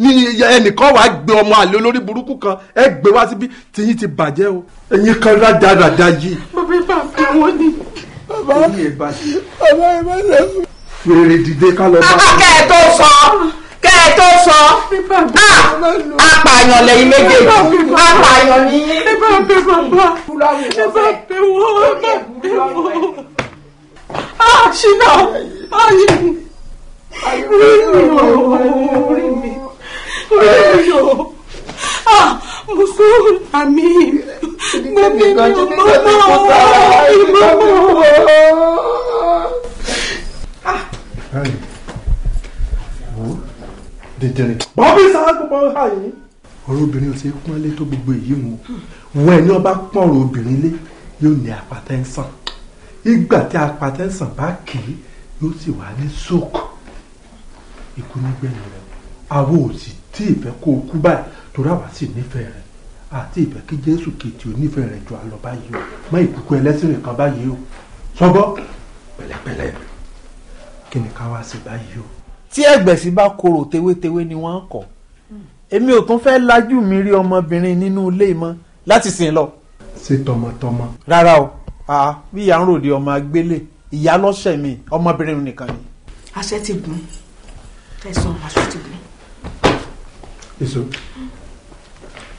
S4: ní ẹnìkan wàá gbé ọmọ àlè olórí burúkú kan ẹ gbé wá síbí tìyín ti bàjẹ́ o ẹ̀yin kan rádaràda yìí. bàbá ìbá fi wọn ni. bàbá ìbá
S1: ìbá lẹ́fún.
S4: fèrè dìde ká lọ bá. kẹ́ ẹ tó sọ
S1: kẹ́ ẹ tó sọ ah, apààyàn lẹ́yìn méjèèjì apààyàn ni. ẹ bá
S5: bẹ bàbá ẹ bá bẹ wọ́n ẹ bá bẹ wọ́n.
S2: Ah, Ṣínà! Ayé mi! Orí mi o! Orí mi! Orí mi o! Ah, mo sọ ọ̀nà mi!
S1: Bẹ́ẹ̀ni mi ò mọ̀ mọ́! Ìmọ̀ mọ́!
S4: Dèdèrè. Bọ́bí
S6: sáà gbogbo ọ̀hà yìí.
S4: Ọ̀rọ̀ obìnrin ò ti pọ́n lé tó gbogbo èyí wọn. Wọ ẹni ọba pọ̀nrọ̀ obìnrin lé yóò ní àpáta ẹ̀ sàn ìgbà tí apatẹ́sàn bá kì í yóò sì wà ní sóòkù ikú nígbẹ̀yìn rẹ̀ àwọn ò sì tí ìfẹ́ kó o kú báyìí torí àwa sì nífẹ̀ẹ́ rẹ̀ àti ìfẹ́ kí jésù kejì onífẹ̀ẹ́ rẹ̀ jù á lọ báyìí o mọ ìkúkú ẹlẹ́sìn rẹ̀ kan báyìí o sọ́gbọ́ pẹ̀lẹ́pẹ̀lẹ́ kí ni ká wá sí báyìí o. tí ẹgbẹ̀sí bá korò tewétewé ni wọ́n ń kọ̀ èmi ò tún fẹ́ẹ́ lajú mi rí ọmọbìnrin nínú ilé mọ́ láti sìn lọ. ṣe tọmọtọmọ. rárá o ah bí ìyá ń ròde ọmọ agbélé ìyá lọ́sẹ̀ mi ọmọbìnrin nìkan ni.
S2: aṣẹ ti gùn tẹsán aṣọ ti gùn.
S4: èso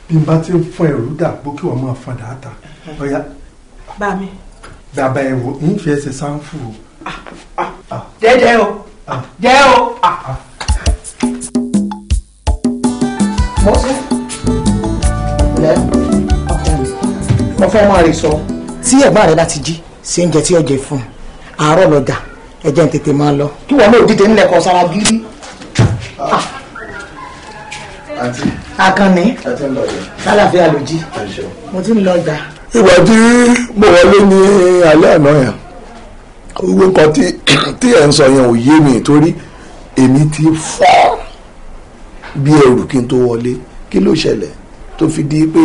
S4: bí n bá ti ń fọn ẹrù dàgbò kí wọn máa fọn dàáta ọyá. bá mi. bàbá ẹ wo ń fi ẹsẹ̀ sáńfù o. Ah,
S2: ah, ah. dẹ́dẹ́ o dẹ́ o.
S4: mọ́sẹ̀ ọ̀fẹ́ máa rí sọ tí ẹ̀gbọ́n rẹ̀ láti jí ṣe oúnjẹ tí ọjọ́ fún un àárọ̀ lọ́jà ẹ̀jẹ̀ ń tètè máa lọ kí wọn náà dìde nílẹ̀ kan sára gírí. Ah. Àkànní lálàáfíà ló jí mo ti ń lọ ọjà. ìgbà tí mo wọlé ní alẹ́ àná yẹn owó nǹkan tí ẹ̀ ń sọ yẹn ò yé mi torí èmi ti fọ́ bí ẹrù kí n tó wọlé kí ló ṣẹlẹ̀ tó fi di pé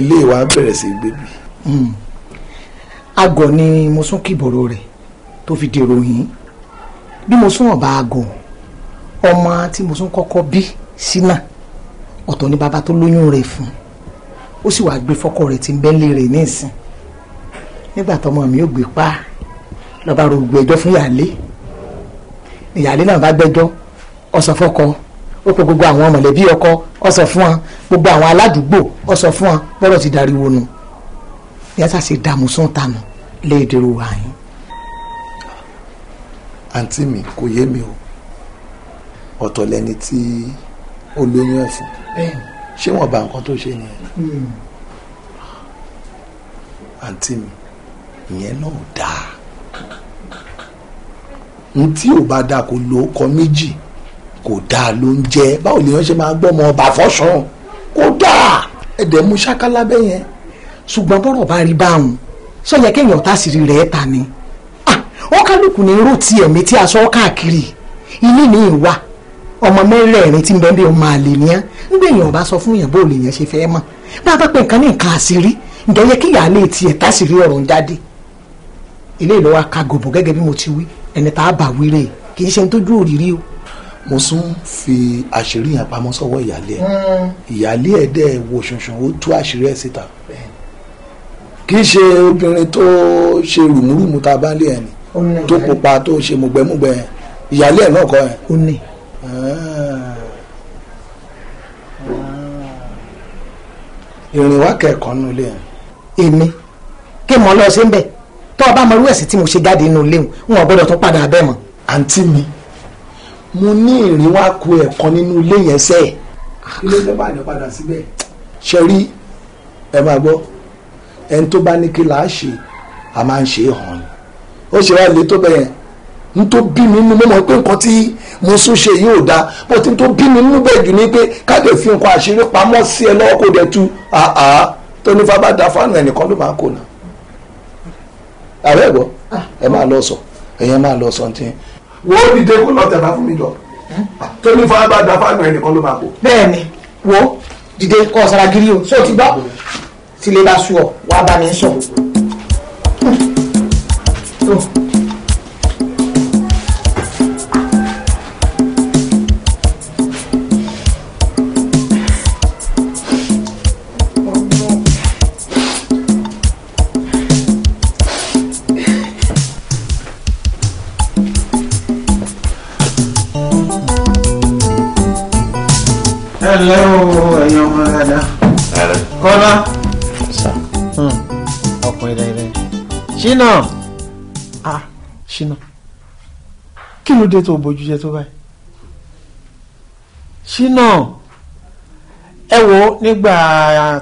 S4: eléyìí wá bẹ̀rẹ̀ sí gbébí. Hmm. agọ̀ ni mo sún kìbọ̀rọ̀ rẹ̀ tó fi dèrò yìí bí mo sún ọ̀bà agọ̀ ọmọ tí mo sún kọ́kọ́ bí sínà ọ̀tọ̀ ni bàbá tó lóyún rẹ̀ fún ó sì wàá gbé fọ́kọ rẹ̀ tí ń bẹ́ńlé rẹ̀ nísìn nígbà tọmọ mi ò gbé pa lọ́ba ro gbẹ́jọ́ fún ìyáálé ìyáálé náà bá gbẹ́jọ́ ọ̀sán fọ́kọ ó pe gbogbo àwọn mọ̀lẹ́bí ọkọ ọ̀sán fún wọn gbogbo àwọn aládùúgbò ọ̀sán fún wọn bọ́lọ̀ ti dariwo nù bí a sá ṣe dààmú sọ́ńtànù lẹ́ẹ̀dẹ̀rọ wà yín. àǹtí mi kò yé mi o ọ̀tọ̀ lẹni tí ó lóyún ẹ̀fọ́ ṣé wọ́n bá nǹkan tó ṣe nìyẹn. Hmm. àǹtí mi ìyẹn náà dáa n tí ò bá dáa kò lo ọkọ méjì kò dáa ló ń jẹ báwo lèèyàn ṣe máa gbọ́ ọmọ ọba fọ́sàn kò dáa ẹ̀dẹ̀ mú ṣáká lábẹ́ yẹn ṣùgbọ́n bọ́rọ̀ bá rí báwọn sọyẹ kéèyàn tásìrì rẹ̀ ta ni wọn ah, kálukú ní irú ti ẹ̀mí tí a sọ káàkiri ilé mi wà ọmọ mẹ́rẹ̀ẹ̀rin tí ń bẹ́ẹ̀ bí ọmọ àlè ni á ń gbẹ̀yìn bá sọ fún yẹn bó lè yẹn ṣe fẹ́ mọ̀ bá a bá pe nǹkan ní nǹkan àṣírí ǹjọ́ yẹ kí ìyá alẹ́ tiẹ̀ tásìrí ọ̀rọ̀ ń jáde ilé ìlọ́wọ́ akagòbò gẹ́gẹ́ bí mo ti wí ẹni tá a bà wíre kì í ṣe ń tójú òrírí o. mo tún fi àṣírí yẹn pamọ́ sọ́wọ́ ìyáálé ẹ̀ hmm. ìyáálé ẹ̀ dẹ́ wo ṣunṣun ó tú àṣírí ẹ̀ síta kì í ṣe obìnrin tó ṣe rùmùrùmù tá a bá lé ẹni tó pupa tó ṣe mùgbẹ́mùgbẹ́ ìyálé ẹ̀ náà kọ́ ẹ̀. ó ní. Ah. ìrìn wá kẹ́kọ̀ọ́ nínú ilé yẹn. èmi kí mo lọ sí ń bẹ̀ tó o bá mọ irú ẹ̀sìn tí mo ṣe jáde nínú ilé wọn ò gbọ́dọ̀ tún padà bẹ́ẹ̀ mọ́. àǹtí mi mo ní ìrìn wá ku ẹ̀kọ́ nínú ilé yẹn sẹ́ẹ̀. ilé tó bá yẹn padà síbẹ̀. ṣe rí ẹ máa gbọ́ ẹni tó bá ní kí là á ṣe a máa ń ṣe é hàn ni ó ṣe wá ilé tó bẹ̀ yẹn n tó bí mi nínú mo mọ̀ pé nǹkan tí mo sún ṣe yìí ò dáa bó ti tó bí mi nínú bẹ́ẹ̀ jù ni pé káde fi nǹkan àṣírí pamọ́ sí ẹ lọ́wọ́ kó dẹ̀ tu àá tó ní fábà dá fáànù ẹnìkan ló máa kó náà ààrẹ ẹ̀gbọ́ ẹ máa lọ sọ ẹ̀yẹn máa lọ sọ ti. wo dìde kó lọ tẹ̀lá fún mi jọ tó ní fábà dá fáànù ẹnìkan ló máa kó. bẹ́ẹ̀ni wo dìde kọ ọsàrà gírí o sóò ti gbọ́ tí ilé bá sú ọ wá bá mi sọ.
S1: Hello, ẹ̀yin ọmọ dada. Kọ́lá. ṣínà
S5: ah
S4: ṣínà kí ló dé tó bójú jẹ tó báyìí ṣínà ẹ wo nígbà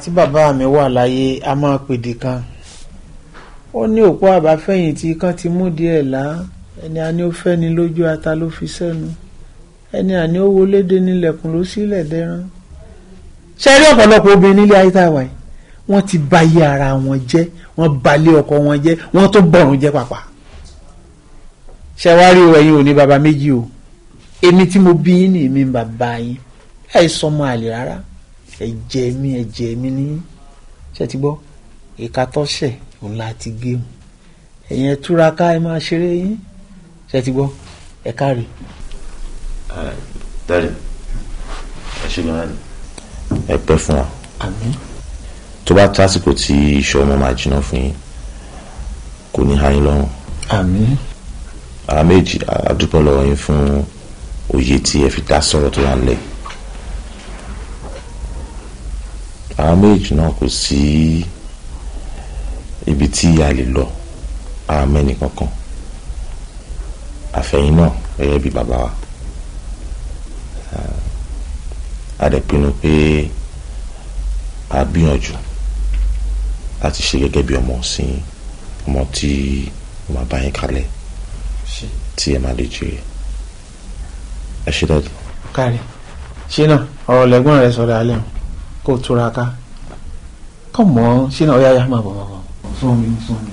S4: tí bàbá mi wà láyé a máa pèdè kan ó ní òpó àbáfẹ̀yìntì kan ti mú díẹ̀ lá ẹni àní ó fẹ́ ni lójú ata ló fi sẹ́nu ẹni àní ó wọlé dé nílẹ̀kùn ló sílẹ̀ dẹ́rán ṣe rí ọ̀pọ̀lọpọ̀ obìnrin nílé ayé tá a wà yìí wọ́n ti bà iye ara wọn jẹ́ wọ́n balẹ̀ ọkọ wọn jẹ́ wọ́n tó bọ̀rùn jẹ́ pàpà ṣẹwárí o ẹ̀yin ò ní baba méjì o èmi tí mo bí yín ni èmi ń bàbá yín ẹ sọmọ àlè rárá ẹ̀jẹ̀ mi ẹ̀jẹ̀ mi ní ṣe ti gbọ́ ìka tọ́ṣẹ̀ òun la ti gé mu ẹ̀yin ẹ túraká ẹ máa ṣeré yín ṣe ti gbọ́ ẹ káre.
S7: dáre ẹ ṣe gan-an ẹ pẹ́ fún wa tó bá tásìkò tí iṣẹ́ ọmọ máa jiná fún yín kò ní hayin lọ́rùn. àmín. àwa méjì àdúpọ̀ lọ́wọ́ yín fún òye tí ẹ fi dá sọ̀rọ̀ tó wà nílẹ̀. àwa méjì náà kò sí ibi tí a lè lọ àwa mẹ́ni kankan àfẹ̀yìn náà gẹ́gẹ́ bí bàbá wa a dẹ̀ pinnu pé a gbìyànjú. Uh, láti ṣe gẹ́gẹ́ bí ọmọ ọ̀sìn ọmọ tí ó máa bá yín kalẹ̀ tí ẹ máa lè jèrè ẹ ṣe dájú.
S4: kárí ṣé náà ọ̀rọ̀ lẹ́gbọ́n rẹ sọ̀rọ̀ alẹ́ o kó o túra ká kọ́ mọ́ ṣé náà ó yá yá máa bọ̀ máa bọ̀. fún mi fún mi.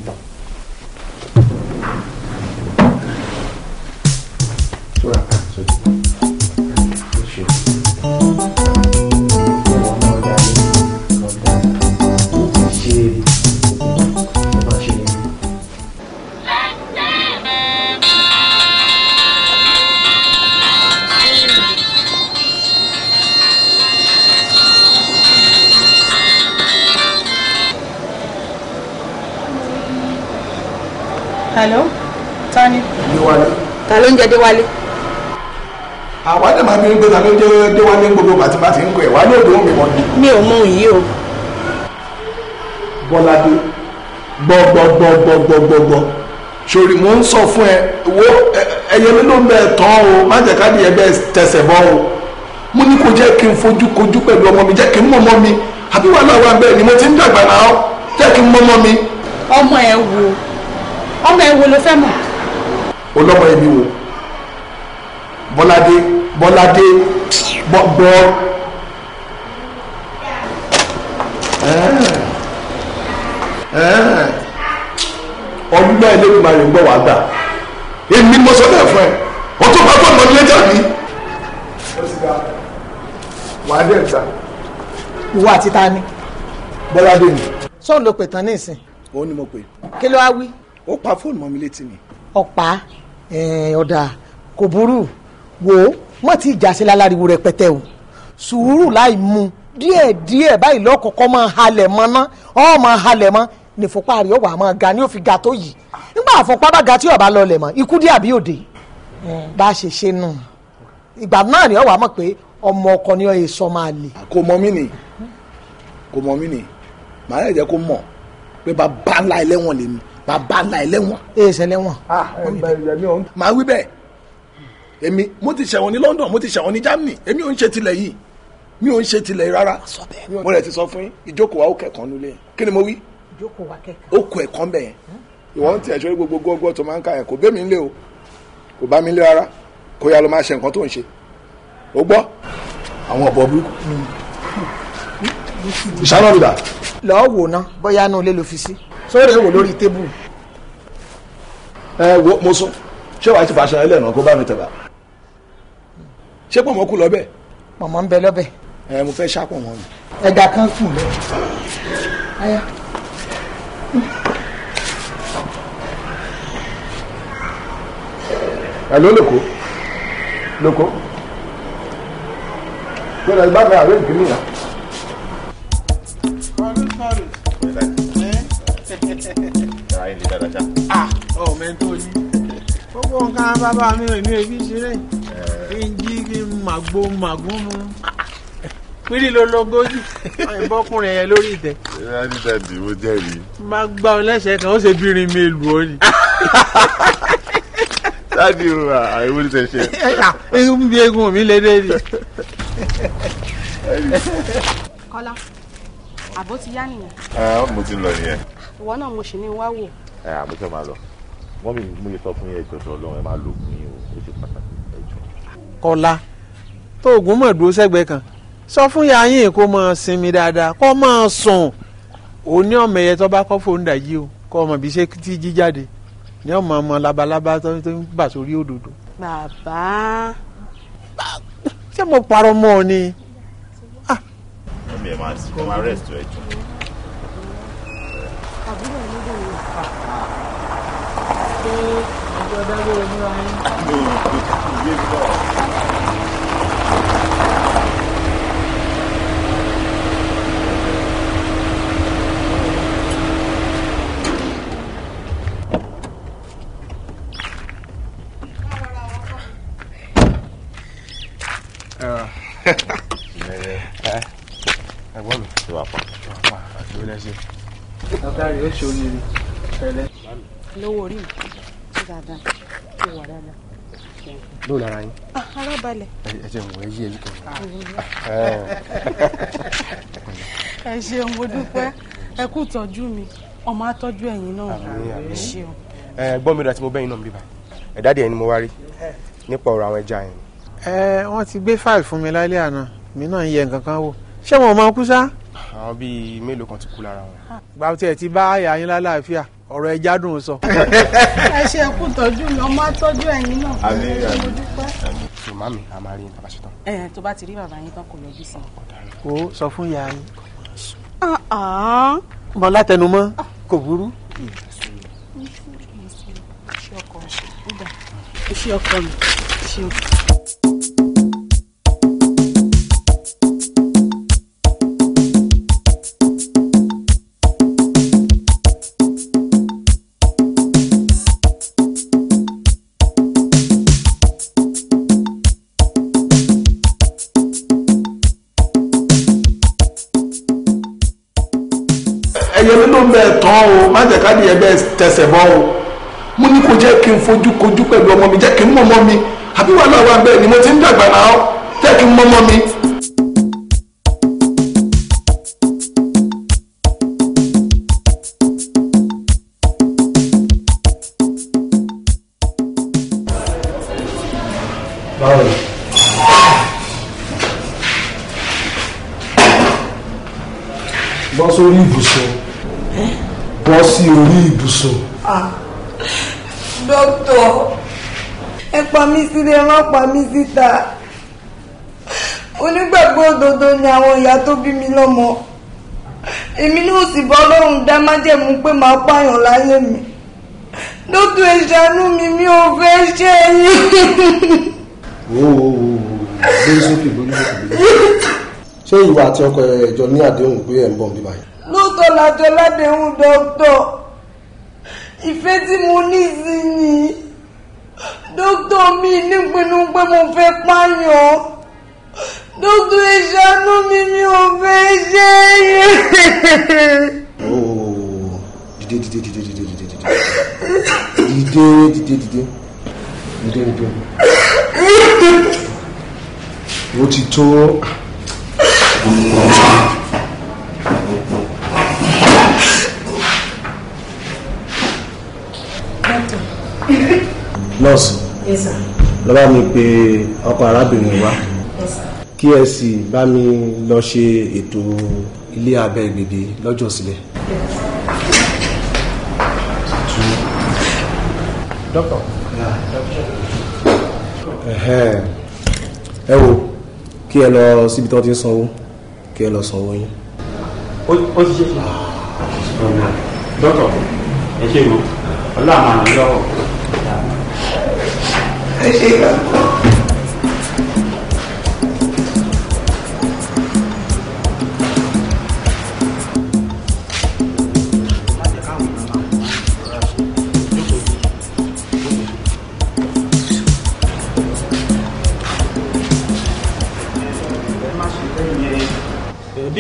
S4: déwálé. àwa dẹ̀ máa bí ń gbéra ló jẹ́ déwálé gbogbo bàtí bá ti ń pè wá ní òdòwò mi wọn. mi ò mọ òun yìí o. bọ́ládé gbọ́gbọ́gbọ́gbọ́gbọ́gbọ́ sori mo ń sọ fún ẹ wo ẹyẹ mi ló ń bẹ tán o má jẹ káàdì yẹn bẹ tẹsẹ̀ bọ́ o mo ní kó jẹ́ kí n fojú kojú pẹ̀lú ọmọ mi jẹ́ kí n mọ̀ ọmọ mi àbí wàhálà wà bẹ́ẹ̀ ni mo ti ń dàgbà náà jẹ́ kí n mọ̀ ọmọ mi. ọmọ ẹ wo ọmọ ẹ wo ló fẹ́ mọ̀. olọ́mọ ẹ mi wo bọ́ládé bọ́ládé bọ́ ọdúnlá ẹlẹ́gbẹ̀mọ̀ rẹ̀ ń gbọ́ wá gbà èmi mo sọ bẹ́ẹ̀ fún ẹ o tó bá bọ́ ọmọ ilé jáde. wàá dẹ̀ gbà. ìwọ àti ta ni. bọ́ládé ni. sóun ló pè tán ní ìsìn. òun ni mo pè. kí ló wá wí. ó pa fóònù mọ́ mi létí mi. ọ̀pá ọ̀dà kò burú wo mọ ti ìjà sí lálàriwo rẹpẹtẹ o sùúrù láì mu díẹ̀ díẹ̀ báyìí lọkọọkọ máa halẹ̀ mọ ná ọ máa halẹ̀ mọ nìfọpá rẹ ọwà máa ga ni ó fi ga tó yìí nígbà àfọpá bá ga tí ọba lọlẹ mọ ikú dé àbí òde bá a ṣe ṣe nù ìgbà náà ni ọwà mọ̀ pé ọmọ ọkọ ni ọyẹ sọ máa lè. kò mọ mí nì kò mọ mí nì màá yẹ jẹ kó mọ pé bàbá ńlá ẹlẹ́wọ̀n lèmi bàbá ńlá ẹlẹ́wọ̀n. èèṣẹ lẹ́wọ̀n. Ah, màá wí bẹ́ẹ̀ èmi mo ti ṣẹ̀wọ̀n ní London mo ti ṣẹ̀wọ̀n ní Germany èmi ò ń ṣe tilẹ̀ yìí mi ò ń ṣe tilẹ̀ rárá mo rẹ̀ ti sọ fún yín ìjókòó wa ó kẹ̀kọ́ nulẹ̀ kí ni mo wí ó kọ ẹ̀kọ́ ń bẹ̀ yẹn ìwọ ń tẹ̀ ṣọ́ gbogbo gbogbo tó máa ń ka yẹn kò bẹ́ mi lé o kò bá mi lé rárá kó yá lọ máa ṣe nǹkan tó ń ṣe o gbọ́ àwọn ọ̀bọ burúkú ìṣáná lùdà. lọ́ọ́ wò ná bóyá inú ilé ló fi sí sórí èèwò lórí tébù. ẹ wo mo sún ṣé wàá ti fàṣẹ ẹlẹ́nu kó bá mi tẹ̀ bá ṣé pọ̀mọ́ kù lọ́bẹ̀. pọ̀mọ́ ń bẹ lọ́bẹ̀. ẹ mo fẹ́ ṣá pọ̀mọ́ mi. ẹ̀dà kan sùn lọ. aya. ẹ ló lóko lóko gbọ́dọ̀ ìbáfẹ àwọn èdè nìyà. ah ọ̀ mẹ́tò yìí gbogbo nǹkan bàbá mi ò ní ebi ṣeré kí n jí màgbó màgbó mu pírí ló lógójì ìbọkùnrin yẹn lórí ìtẹ́. ìyá ní dàbí mo jẹ́rìí. má gbá ọ lẹ́sẹ̀ kan ó ṣe bírin mi lù ọ́ ni. dáàdi o àìwé ní tẹ̀sẹ̀. egun bí egun mi lè dé ni.
S2: kọ́lá àbó ti yá nìyẹn.
S7: mo ti lọ nìyẹn.
S2: ìwọ náà mo sì ní wá wò.
S7: ẹ àmúṣe máa lọ wọn mi mú yẹ sọ fún yẹn ìjọsọ Ọlọ́run ẹ máa lò fún yín ó ṣe pàtàkì
S4: ẹjọ. kọ́lá tó oògùn mọ̀ dúró sẹ́gbẹ́ kan sọ fún ya yín kó máa sinmi dáadáa kó máa sùn òní ọmọ ẹ̀yẹ tó bá kọ́ fóun dàjí o kó ọmọ bí ṣe ti jí jáde ní ọmọ ọmọ labalábá
S7: tó ń bà sórí òdòdó.
S2: bàbá. ṣé mo
S4: parọ́ mọ́ ọ ni.
S7: Ah.
S3: Thank you.
S4: ẹ̀gbọ́n mi ìwà pa ìwà pa àti ìwé lẹ́sẹ̀. ọ̀gá rẹ̀ ó ṣe onírin
S2: tẹ́lẹ̀. lówó orí mi tó dáadáa tó wà dáadáa. lóò lára yín. ara balẹ̀.
S4: ẹ ṣe ń wọ ẹyí ẹyí kan.
S2: ẹ ṣeun mo dúpẹ́ ẹ kú tọ́jú mi ọmọ atọ́jú ẹ̀yin náà ẹ ṣeun.
S4: ẹ gbọ́ mi rà tí mo bẹ́yìn náà bíbá ẹ̀dá díẹ̀ ni mo wá rí nípa ọ̀rọ̀ àwọn ẹja yẹn ẹ wọ́n ti gbé fáìlì fún mi lálẹ́ àná mi náà ń yẹ nǹkan kan wò ṣé wọn máa kú sá. àwọn bíi mélòó kan ti kú lára wọn. gba tiẹ̀ ti bá àyà yín lálàáfíà ọ̀rọ̀ ẹja dùn ún sọ. ẹ
S2: ṣe kú tọ́jú mi ọmọ tọ́jú ẹ̀yin náà. àmín àmín
S4: àmín màmá mi a máa rí bàbá ṣetán.
S2: ẹ ẹ tó bá ti rí bàbá yín tán kò lọ bí sí.
S4: o sọ fún ìyá yín. Ah, ah. mọ látẹnumọ́ kò burú.
S2: iṣẹ́ ọkọ
S5: mi iṣẹ́ ọkọ mi.
S4: fojú kojú pẹ̀lú ọmọ mi jẹ́ kí n mọ ọmọ mi àbí wàhálà wa bẹ́ẹ̀ ni mo ti ń dàgbà náà jẹ́ kí n mọ ọmọ
S5: mi.
S3: pa mí síta onígbàgbọ́ òdodo ni àwọn ìyá tó bí mi lọ́mọ èmi náà sì bọ́ lọ́rùn dá májẹ̀mú pé màá pààyàn láyé mi lótú ìṣàánú mi mi ò fẹ́ ṣe yín.
S4: ṣé ìwà àti ọkọ ẹjọ ní àdéhùn pé ẹ ń bọ̀ bí báyìí.
S3: lóòótọ́ làjọ ládéhùn dókítà ìfẹ́ tí mo ní sí ni dókítà mi nípinnu pé mo fẹ́ pààyàn dókítà ìṣàánú mi mi ò fẹ́ ṣe é.
S4: Oh, dìde dìde dìde dìde
S3: dìde dìde
S4: dìde dìde dìde dìde dìde ó ti tó. nọ́ọ̀sì Yes sir. lọ bá mi pe ọkọ arábìnrin wa kí ẹ sì bá mi lọ ṣe ètò ilé abẹ́ ìgbèdè lọ́jọ́ sílẹ̀. dọ́kítọ̀ ẹ wo kí ẹ lọ síbi tí wọ́n ti ń sanwó kí ẹ lọ sanwó yín.
S6: ó ti ṣe é. dọ́kítọ̀ ẹ ṣe é o ọlọ́run àná lọ́wọ́ ẹ ṣe ìgbà. bí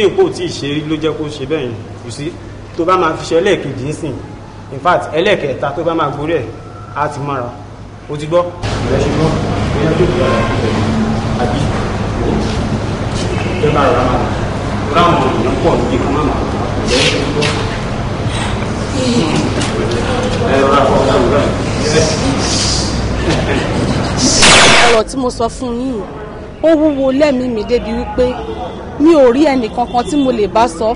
S8: nǹkan ò tí ì ṣe ló jẹ́ kó ṣe bẹ́ẹ̀ yẹn kò sí
S4: tó bá máa fi ṣe ẹlẹ́ẹ̀kejì ń sìn in fact ẹlẹ́ẹ̀kẹta tó bá máa gorí ẹ̀ á ti mọ́ra o ti gbọ́. ìyá ṣe gbọ́ bóyá tó bí ara rẹ̀ àbí
S6: ìjọba rẹ̀ máa ráwọn èèyàn pọ̀ níbi kan máa bẹ̀rẹ̀ ṣe gbọ́.
S2: ẹ̀rọ àfọwọ́sọ rẹ̀ ọ̀rọ̀ tí mo sọ fún yín ó wúwo lẹ́mìí mi débi wípé mi ò rí ẹnì kankan tí mo lè bá sọ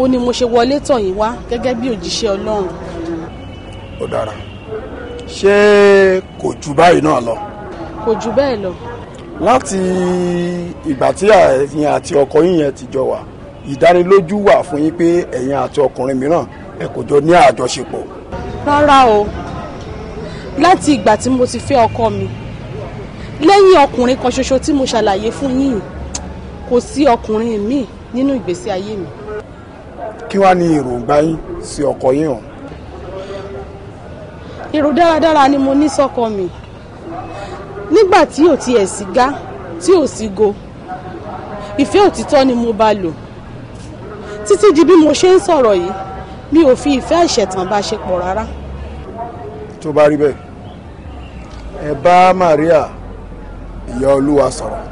S2: ó ní mo ṣe wọlé tọ̀ yín wá gẹ́gẹ́ bí òjíṣẹ́ Ọlọ́run.
S1: ó dára ṣé
S4: kò jù báyìí náà lọ.
S2: kò jù bẹ́ẹ̀ lọ. láti
S4: ìgbà tí ẹ̀yin àti ọkọ yín yẹn ti jọ wà ìdánilójú wà fún yín pé ẹ̀yin àti ọkùnrin mìíràn ẹ kò jọ ní àjọṣepọ̀.
S2: rárá o láti ìgbà tí mo ti fẹ́ ọkọ mi lẹ́yìn ọkùnrin kan ṣoṣo tí mo ṣàlàyé fún yín kò sí ọkùnrin míì nínú ìgbésí ayé mi.
S4: kí wàá ní èròǹgbà yín sí ọkọ yín hàn
S2: èrò dáradára ni mo ní sọ́kọ mi nígbà tí ò tiẹ̀ sí gá tí ò sí go ìfẹ́ òtítọ́ ni mo bá lò títí di bí mo ṣe ń sọ̀rọ̀ yìí mi ò fi ìfẹ́ àìṣẹ̀tàn bá ṣe pọ̀ rárá.
S4: tó bá rí bẹ́ẹ̀ ẹ bá Maria ìyá Olúwa sọ̀rọ̀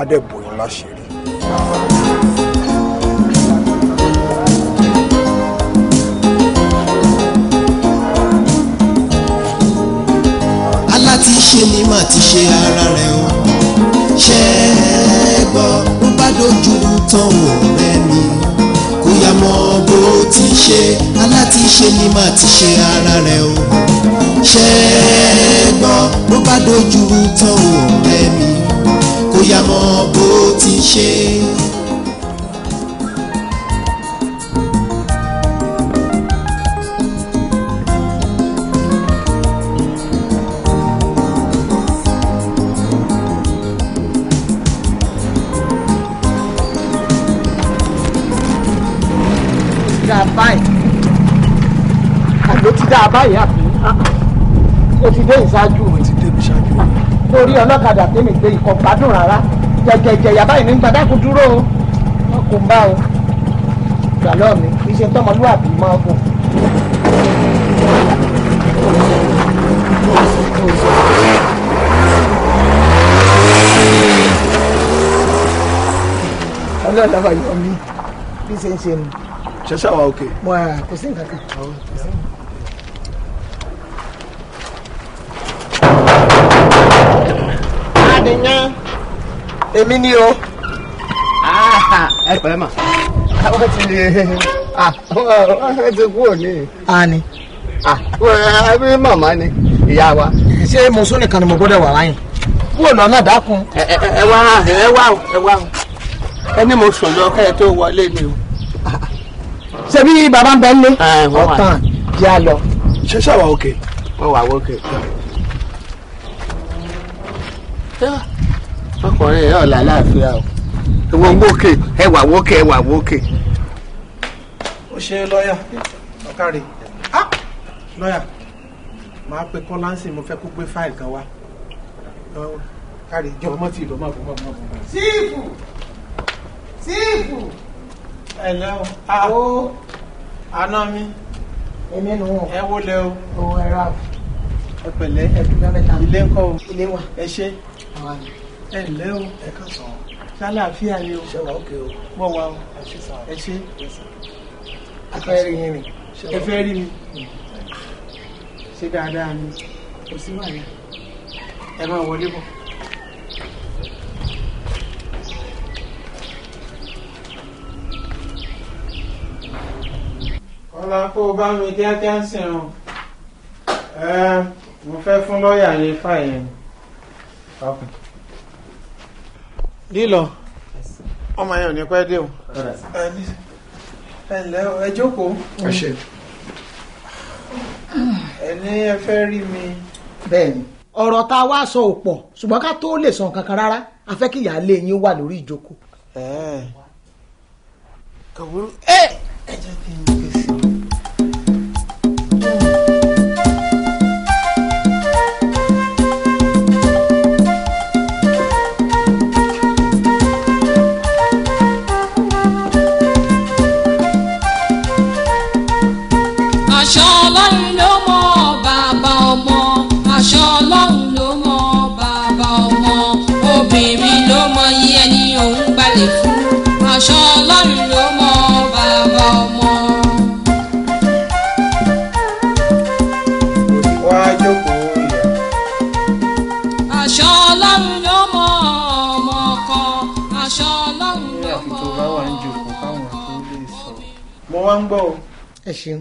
S1: adẹ́bòyìn láṣẹ rí. ti ṣe ni má ti ṣe ara rẹ̀ o ṣe é gbọ́ ń bá dojú tán ọ̀rẹ́ mi kò yá mọ́ bó ti ṣe alátiṣe ni má ti ṣe ara rẹ̀ o ṣe é gbọ́ ń bá dojú tán ọ̀rẹ́ mi kò yá mọ́ bó ti ṣe.
S4: dáa báyìí àbí o ti dé ìṣáájú o ti dé ìṣáájú o torí ọlọ́kadà tèmi gbé ikọ̀ gbádùn rárá jẹjẹjẹ yàbá ìní gbadá kò dúró o wọn kò ń bá o gbà lọ́ọ̀ mi kì í ṣe
S3: tọmọlúwàbí máa gùn.
S4: ọlọ́ọ̀lọ́wọ́ yọ mí bí ṣe ń ṣe nù. ṣẹṣẹ wa òkè. mo kò sí nǹkan kan.
S1: ni yán. èmi ni o. Ah, ẹ pẹ̀lẹ́ mà. àwọn ti ah, àwọn ti kú òní. a ni. àbí ah, màmá ni
S4: ìyá wa. ṣé mọ̀sọ́ nìkan ni mo gbọ́dọ̀ wà láyìn. kúrò lọ́nà dákun. ẹ wá ẹ wá ẹ wá ẹ ní mo sùn lọ kẹ́ ẹ tó wọlé ni o. ṣebí bàbá ń bẹ ń lé. ọ̀tàn jẹ́ àlọ́. ṣé ṣàwà òkè. wọ́n wà wọ́kè ọkùnrin yẹn ọ̀la láàfin o ẹwà wókè ẹwà wókè ẹwà wókè. ó ṣe lọ́ọ̀yà ọ̀kàrẹ̀ lọ́ọ̀yà màá pe kọ́lánsì mo fẹ́ kó gbé fáìlì kan wá kárí jọ ọmọ tí ìlú máa bọ̀ máa bọ̀. síìfù síìfù. ẹ lẹ́ o àwọ àná mi èmi nù wọn. ẹ wọlé o. o ẹ ra ẹ pẹ̀lẹ́ ilé ńkọ́ o ilé wa ẹ ṣe ẹ ǹlẹ́ o ẹ kàn sàn o ṣàlàáfíà ni o ṣe wà òkè o mọ̀ wá o ẹ ṣe ẹ rí yín rìn ẹ fẹ́ rí mi ṣe dáadáa ni
S3: kò sí wàhálà ẹ máa wọlé bọ̀.
S6: ọlá kó o bá mi kíákíá sí i rán mo
S4: fẹ́ fún lọ́ọ̀yà yẹn fáyẹn Okay. lílọ ọmọ yẹn ò ní pẹ́ dé o ẹ ǹlẹ́ rí mi. bẹ́ẹ̀ni ọ̀rọ̀ wá sọ ò ṣùgbọ́n ká lè sọ nǹkan kan rárá a wà lórí ìjókòó.
S1: lè fún aṣọ ọlọ́run ló mọ bàbá ọmọ.
S3: wá jókòó yẹ. aṣọ ọlọ́run ló mọ ọmọ
S5: mo wá ń gbọ́
S4: o. ẹ ṣeun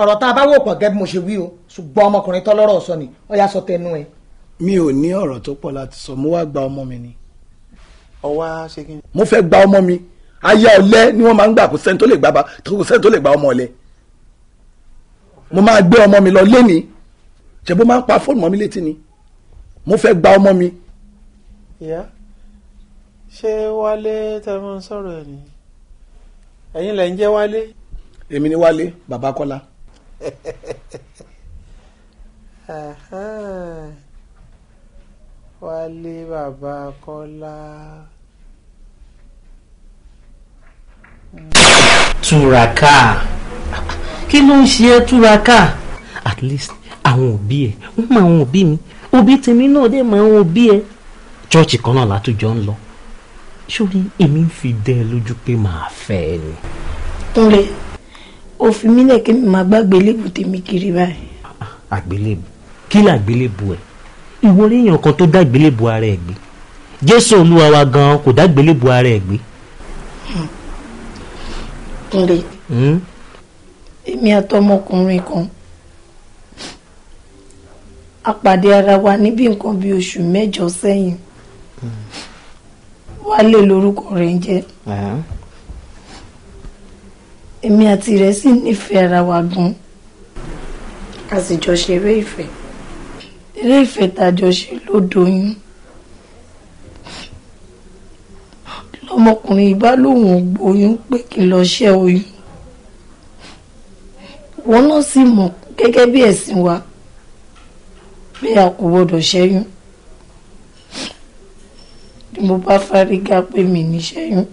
S4: ọ̀rọ̀ tá a bá wò pọ̀ gẹ́gẹ́ bí mo ṣe wí o ṣùgbọ́n ọmọkùnrin tọ́lọ́rọ̀ sọ ni ó yá sọ tẹnu ẹ̀. mi ò ní ọ̀rọ̀ tó pọ̀ láti sọ mo wá gba ọmọ mi ni ọwá ṣe kí mo fẹ́ gba ọmọ mi aya ọ̀lẹ ni wọ́n máa ń gbà kó sẹ́ni tó lè gba kó sẹ́ni tó lè gba ọmọ ọ̀lẹ mo máa gbé ọmọ mi lọ lẹ́ni ṣebó máa ń pa fóònù mọ́ mi létí ni mo fẹ́ gba ọmọ mi. ìyá ṣé wálé tẹ mọ sọ̀rọ̀ ẹ nìyí ẹ̀yin lẹ ń jẹ́ wálé. èmi ni wálé bàbá wálé bàbá kọ́lá.
S2: túraká kí ló ń ṣe túraká at least àwọn òbí ẹ ń mọ àwọn òbí mi òbí tèmi náà dé mọ àwọn òbí ẹ chọọchì kan náà látòjọ ń lọ
S3: sórí
S4: èmi ń fi dẹ ẹ lójú pé màá fẹ́ ẹ ni.
S3: kúnlẹ̀ òfin mílẹ̀ kí mi máa gbàgbé lébù tèmi kiri báyìí.
S4: àgbélébù kí làgbélébù ẹ̀ ìwọ oríyàn kan tó dágbélébù ara ẹ̀ gbé jésù olúwa wa
S8: gan kò dágbélébù ara ẹ̀ gbé. kúnlé hmm?
S3: èmi àtọmọkùnrin kan a pàdé ara wa níbi nǹkan bíi oṣù mẹ́jọ sẹ́yìn hmm. wálé lórúkọ rẹ̀ ń jẹ́ èmi àti rẹ̀ sì nífẹ̀ẹ́ ara wa gan a sì jọ ṣeré ìfẹ́ eré ìfẹ́ tàjọṣe ló doyún lọmọkùnrin ìbá lòun ò gboyún pé kí n lọ ṣẹ́ oyún wọn náà sì mọ̀ gẹ́gẹ́ bí ẹ̀sìn wa pé a kò gbọdọ̀ ṣẹ́yún ni mo bá fárígá pé mi ní ṣẹ́yún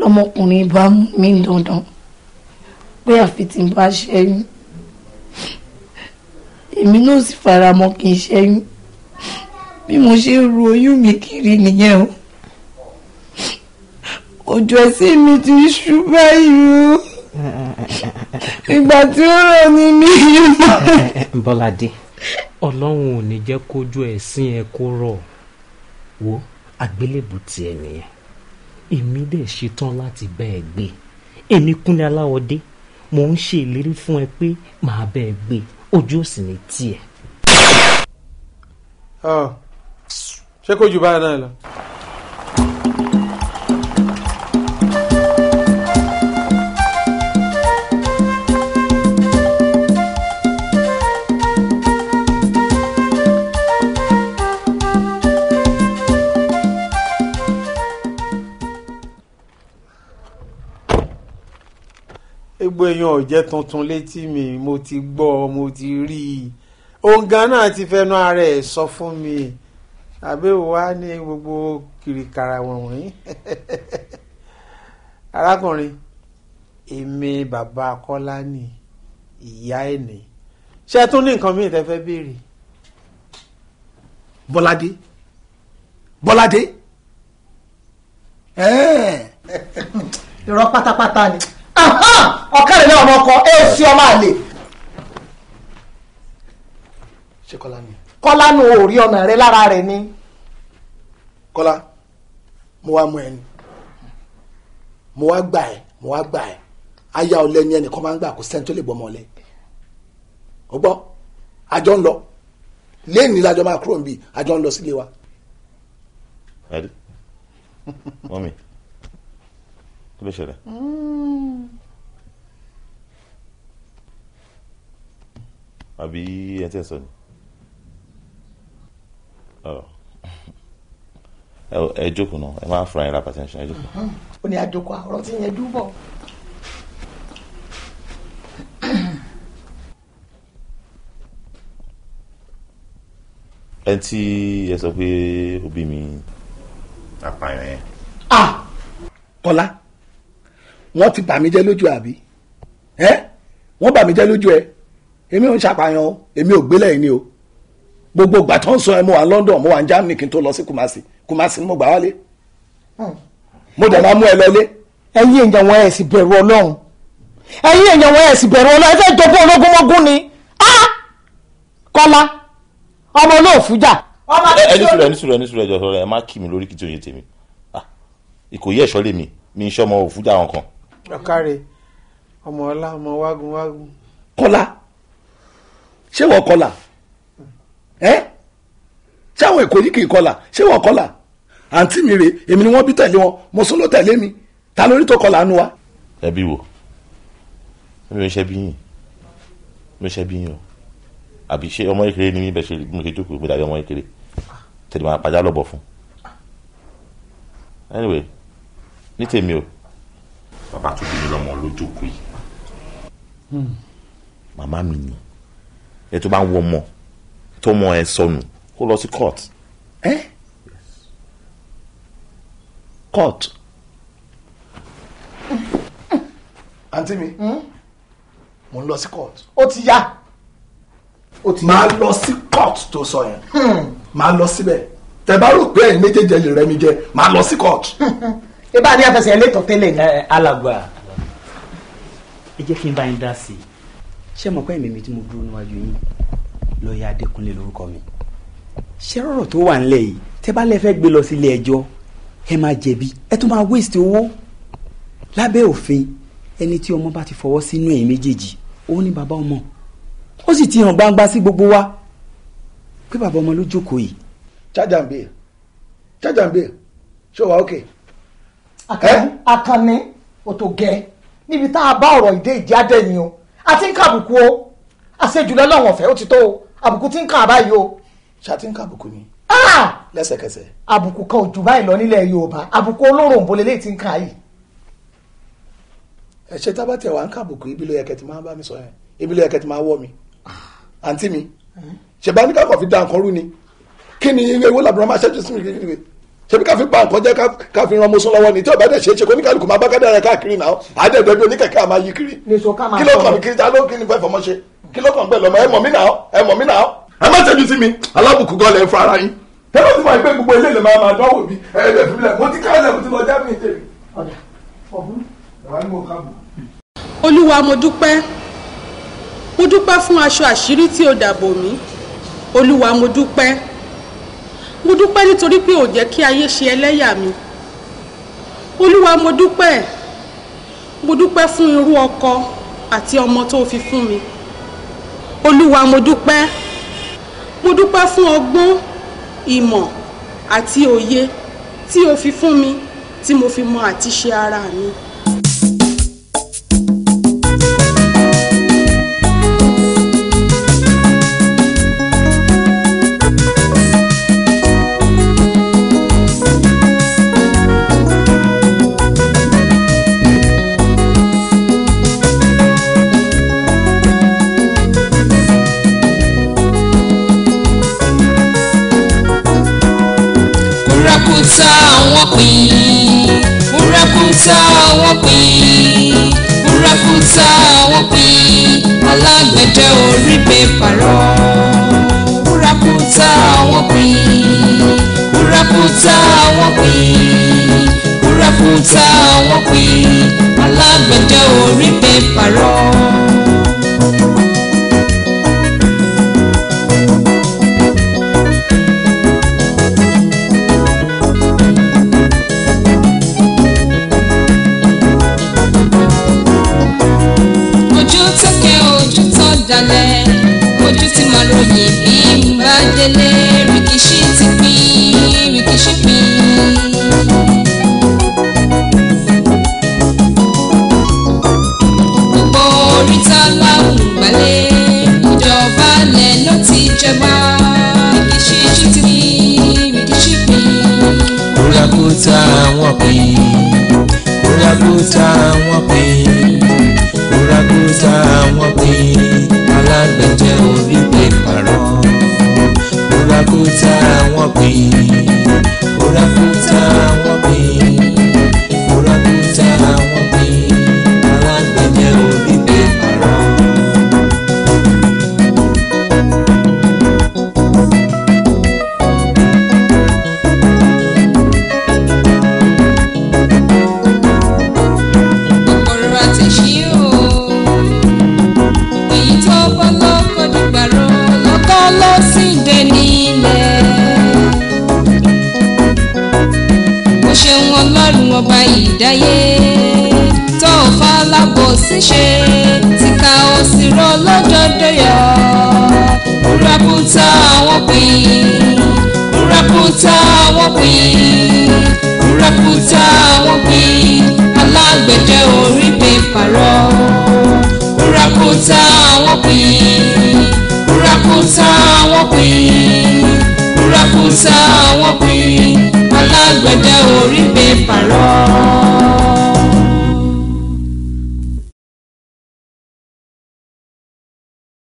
S3: lọmọkùnrin bá mi dandan pé àfi tí n bá ṣẹ́yún èmi náà sì fara mọ́ kí n ṣẹ́yún bí mo ṣe ń ru oyún mi kiri nìyẹn o ojú ẹsẹ̀ mi ti ṣú báyìí o ìgbà tí ó rọ̀ ní mi yìí mọ́.
S2: bọ́ládé
S4: ọlọ́run ò ní jẹ́ kójú ẹ̀sìn ẹ kó rọ̀ wo àgbélébù tiẹ̀ nìyẹn èmi dẹ̀ ṣetán láti bẹ́ ẹ gbé èmi kúnlẹ̀ aláwọ̀dé mò ń ṣe ìlérí fún ẹ pé màá bẹ́ ẹ gbé ojú ò sì ní tiẹ̀. Ah. ṣé kò jù báyìí náà lọ. èèyàn ò jẹ́ tuntun létí mi mo ti gbọ́ mo ti rí i òun gan náà ti fẹnu ara ẹ̀ sọ fún mi àbẹ̀wò wa ní gbogbo kìrìkàrà wọ̀nyí arákùnrin èmi bàbá Kọ́lá ni ìyá ẹ̀ ṣé ẹ tún ní nǹkan míì tẹ́ fẹ́ béèrè. Bọ́ládé Bọ́ládé irọ́ pátápátá ni. ọ̀kàrẹ̀ náà ọmọ ọkọ ẹ ó sí ọmọ àlè. ṣé ni. kọ́lá nu òórí ọ̀nà rẹ lára rẹ ni. kọla mo wá mú ẹ ni mo wá gba ẹ mo wá gbà ẹ aya ọ̀lẹ ni ẹnìkan máa ń gbà kó sẹ́ni tó lè gbọ́ ọmọ ọ̀lẹ ó gbọ́ àjọ ń lọ lẹ́yìn lájọ máa kúrò níbi àjọ ń lọ sílé wa.
S7: ẹ dí mọ́mí. kí ló ṣẹlẹ̀. àbí ẹ tẹ́ sọ ni ẹ jókòó náà ẹ máa fura yín lápá tẹ́ńṣán ẹ jókòó.
S4: o ní àjòkó àrọ́ tí yẹn dúbọ̀.
S7: ẹ tí ẹ sọ pé òbí mi. apààyàn yẹn.
S4: Eh. ah kọ́lá wọ́n ti bà mí jẹ́ lójú àbí ẹ́ wọ́n bà mí jẹ́ lójú ẹ èmi ò ń ṣàpàyàn o èmi ò gbélé ẹni o gbogbo ìgbà tó ń sọ ẹ mo wà London mo wà ní Germany kí n tó lọ sí Kumasi Kumasi mo gbà wálé
S5: hmm. mo dẹ̀ máa mú ẹ lọlé.
S4: ẹ̀yin èèyàn wọn ẹ sì bẹ̀rù Ọlọ́run ẹ̀yin èèyàn wọn ẹ sì bẹ̀rù Ọlọ́run ẹ fẹ́ẹ́ jọgbọn ológun mọgún ni Kọ́lá ọmọ olóòfù jà. ẹni sùrù
S7: ẹni sùrù ẹni sùrù ẹjọ sọ̀rọ̀ ẹ má kì mí lórí kìtì òye tèmi ah, ìkòyí ẹ̀ṣọ́ lèmi mi ń ṣọmọ òfújà wọn kan
S4: ọ̀kàrẹ̀ ọmọ ọlá ọmọ wágun wágun. kọ́lá ṣé wọ́n kọ́lá ẹ́ ṣé àwọn èkó yìí kì í kọ́lá ṣé wọ́n kọ́lá àǹtí mi rèé èmi ni wọ́n bí tẹ̀lé wọn mo sún ló tẹ̀lé mi ta lórí tó kọ́lá nu wa.
S7: ẹbí wo mi ò ṣe bí yín mi ò ṣe bí yín o àbí ṣé ọmọ kékeré ni mi bẹ ṣe mo ṣe jókòó mi dàbí ọmọ kékeré tẹ̀lé máa pàjá lọ́bọ̀ fún anyway ní tèmi o bàbá tó bí mi lọ́mọ ló jókòó yìí hmm. màmá mi ni ẹ tó bá ń wọ ọmọ tó mọ ẹ sọnù kó lọ sí court ẹ court.
S4: àǹtí mi hmm? mo ń lọ sí court. ó ti yá ó ti máa lọ sí court tó sọ yẹn máa hmm. lọ síbẹ̀ tẹ́ bá rò pé ẹ̀yin méjèèjì lè rẹ́ mi jẹ máa lọ sí court. Eba bá ní afẹsẹ̀ ẹlẹ́tọ̀ ni. ẹ alàgbà ẹ jẹ́ kí n bá yín dá sí i ṣé mo pẹ́ mímí tí mo dúró níwájú yín lọ́ọ̀yà adékúnlé lórúkọ mi ṣé rọ̀rọ̀ tó wà ńlẹ̀ yìí tẹ́ bá lẹ́fẹ́ gbé lọ sílé ẹjọ́ ẹ máa jẹ̀bi ẹ tún máa wéèsì owó lábẹ́ òfin ẹni tí ọmọ bá ti fọwọ́ sínú ẹ̀yìn méjèèjì òun ni bàbá ọmọ ó sì ti hàn gbangba sí gbogbo wa pé bàbá ọmọ ló jókòó yìí. chájà ń ṣé o wà ókè. Okay? akànnì òtò gẹ níbi tá a bá ọ̀rọ̀ ìdé ìdí adẹ́yìn o àti ń kàbùkù o àṣejùlọ lọ́wọ́n fẹ́ ó ti tó o àbùkù ti ń kàn báyìí o. ṣáàtì ń kàbùkù ni. lẹ́sẹ̀kẹsẹ̀. àbùkù kan ò jù báyìí lọ nílẹ̀ Yorùbá àbùkù olóròǹbó lélẹ́yìí ti ń kàn yìí. ẹ ṣe tábà tẹ wà ń kàbùkù ibi ló yẹ kẹ ti máa bá mi sọ yẹn ibi ló yẹ kẹ ti máa wọ mi àǹtí mi ṣèbáníkà fi da nǹkan rú ni kí ni ewé làbúrò máa ṣẹ́jú sí mi kékeré ṣebí ká fi pa nǹkan jẹ́ ká fi ran mọ́sán ni tí ọ̀bá dẹ̀ ṣe é ṣe kó oníkàlùkù máa bá kádà rẹ̀ káàkiri náà àádẹ́gbẹ́ bí oníkẹ̀kẹ́ àmà yí kiri kí ló kàn mí kiri ta ló kí ni fẹ́ fọmọ́ ṣe kí ló kàn bẹ́ẹ̀ lọ́mọ ẹ mọ̀ mí náà ẹ mọ̀ mí náà ẹ má ṣẹ́jú sí mi alábùkù gan lẹ̀ ń fara yín tẹ́lẹ̀ tí mo gbé gbogbo ilé lè máa máa dánwò mi ẹ̀ẹ́dẹ̀ fi lẹ̀ mo ti káàlẹ̀ mo ti lọ jáde ìtẹ̀lẹ̀.
S2: mo dúpẹ́ mo dúpẹ́ fún aṣọ àṣírí tí o dàbò mí olúwa mo dúpẹ́ mo dúpẹ́ nítorí pé ò jẹ́ kí ayé ṣe ẹlẹ́yà mi olúwa mo dúpẹ́ mo dúpẹ́ fún irú ọkọ àti ọmọ tó fi fún mi olúwa mo dúpẹ́ mo dúpẹ́ fún ọgbọ́n ìmọ̀ àti òye tí o fi fún mi tí mo fi mọ àti ṣe ara mi.
S1: me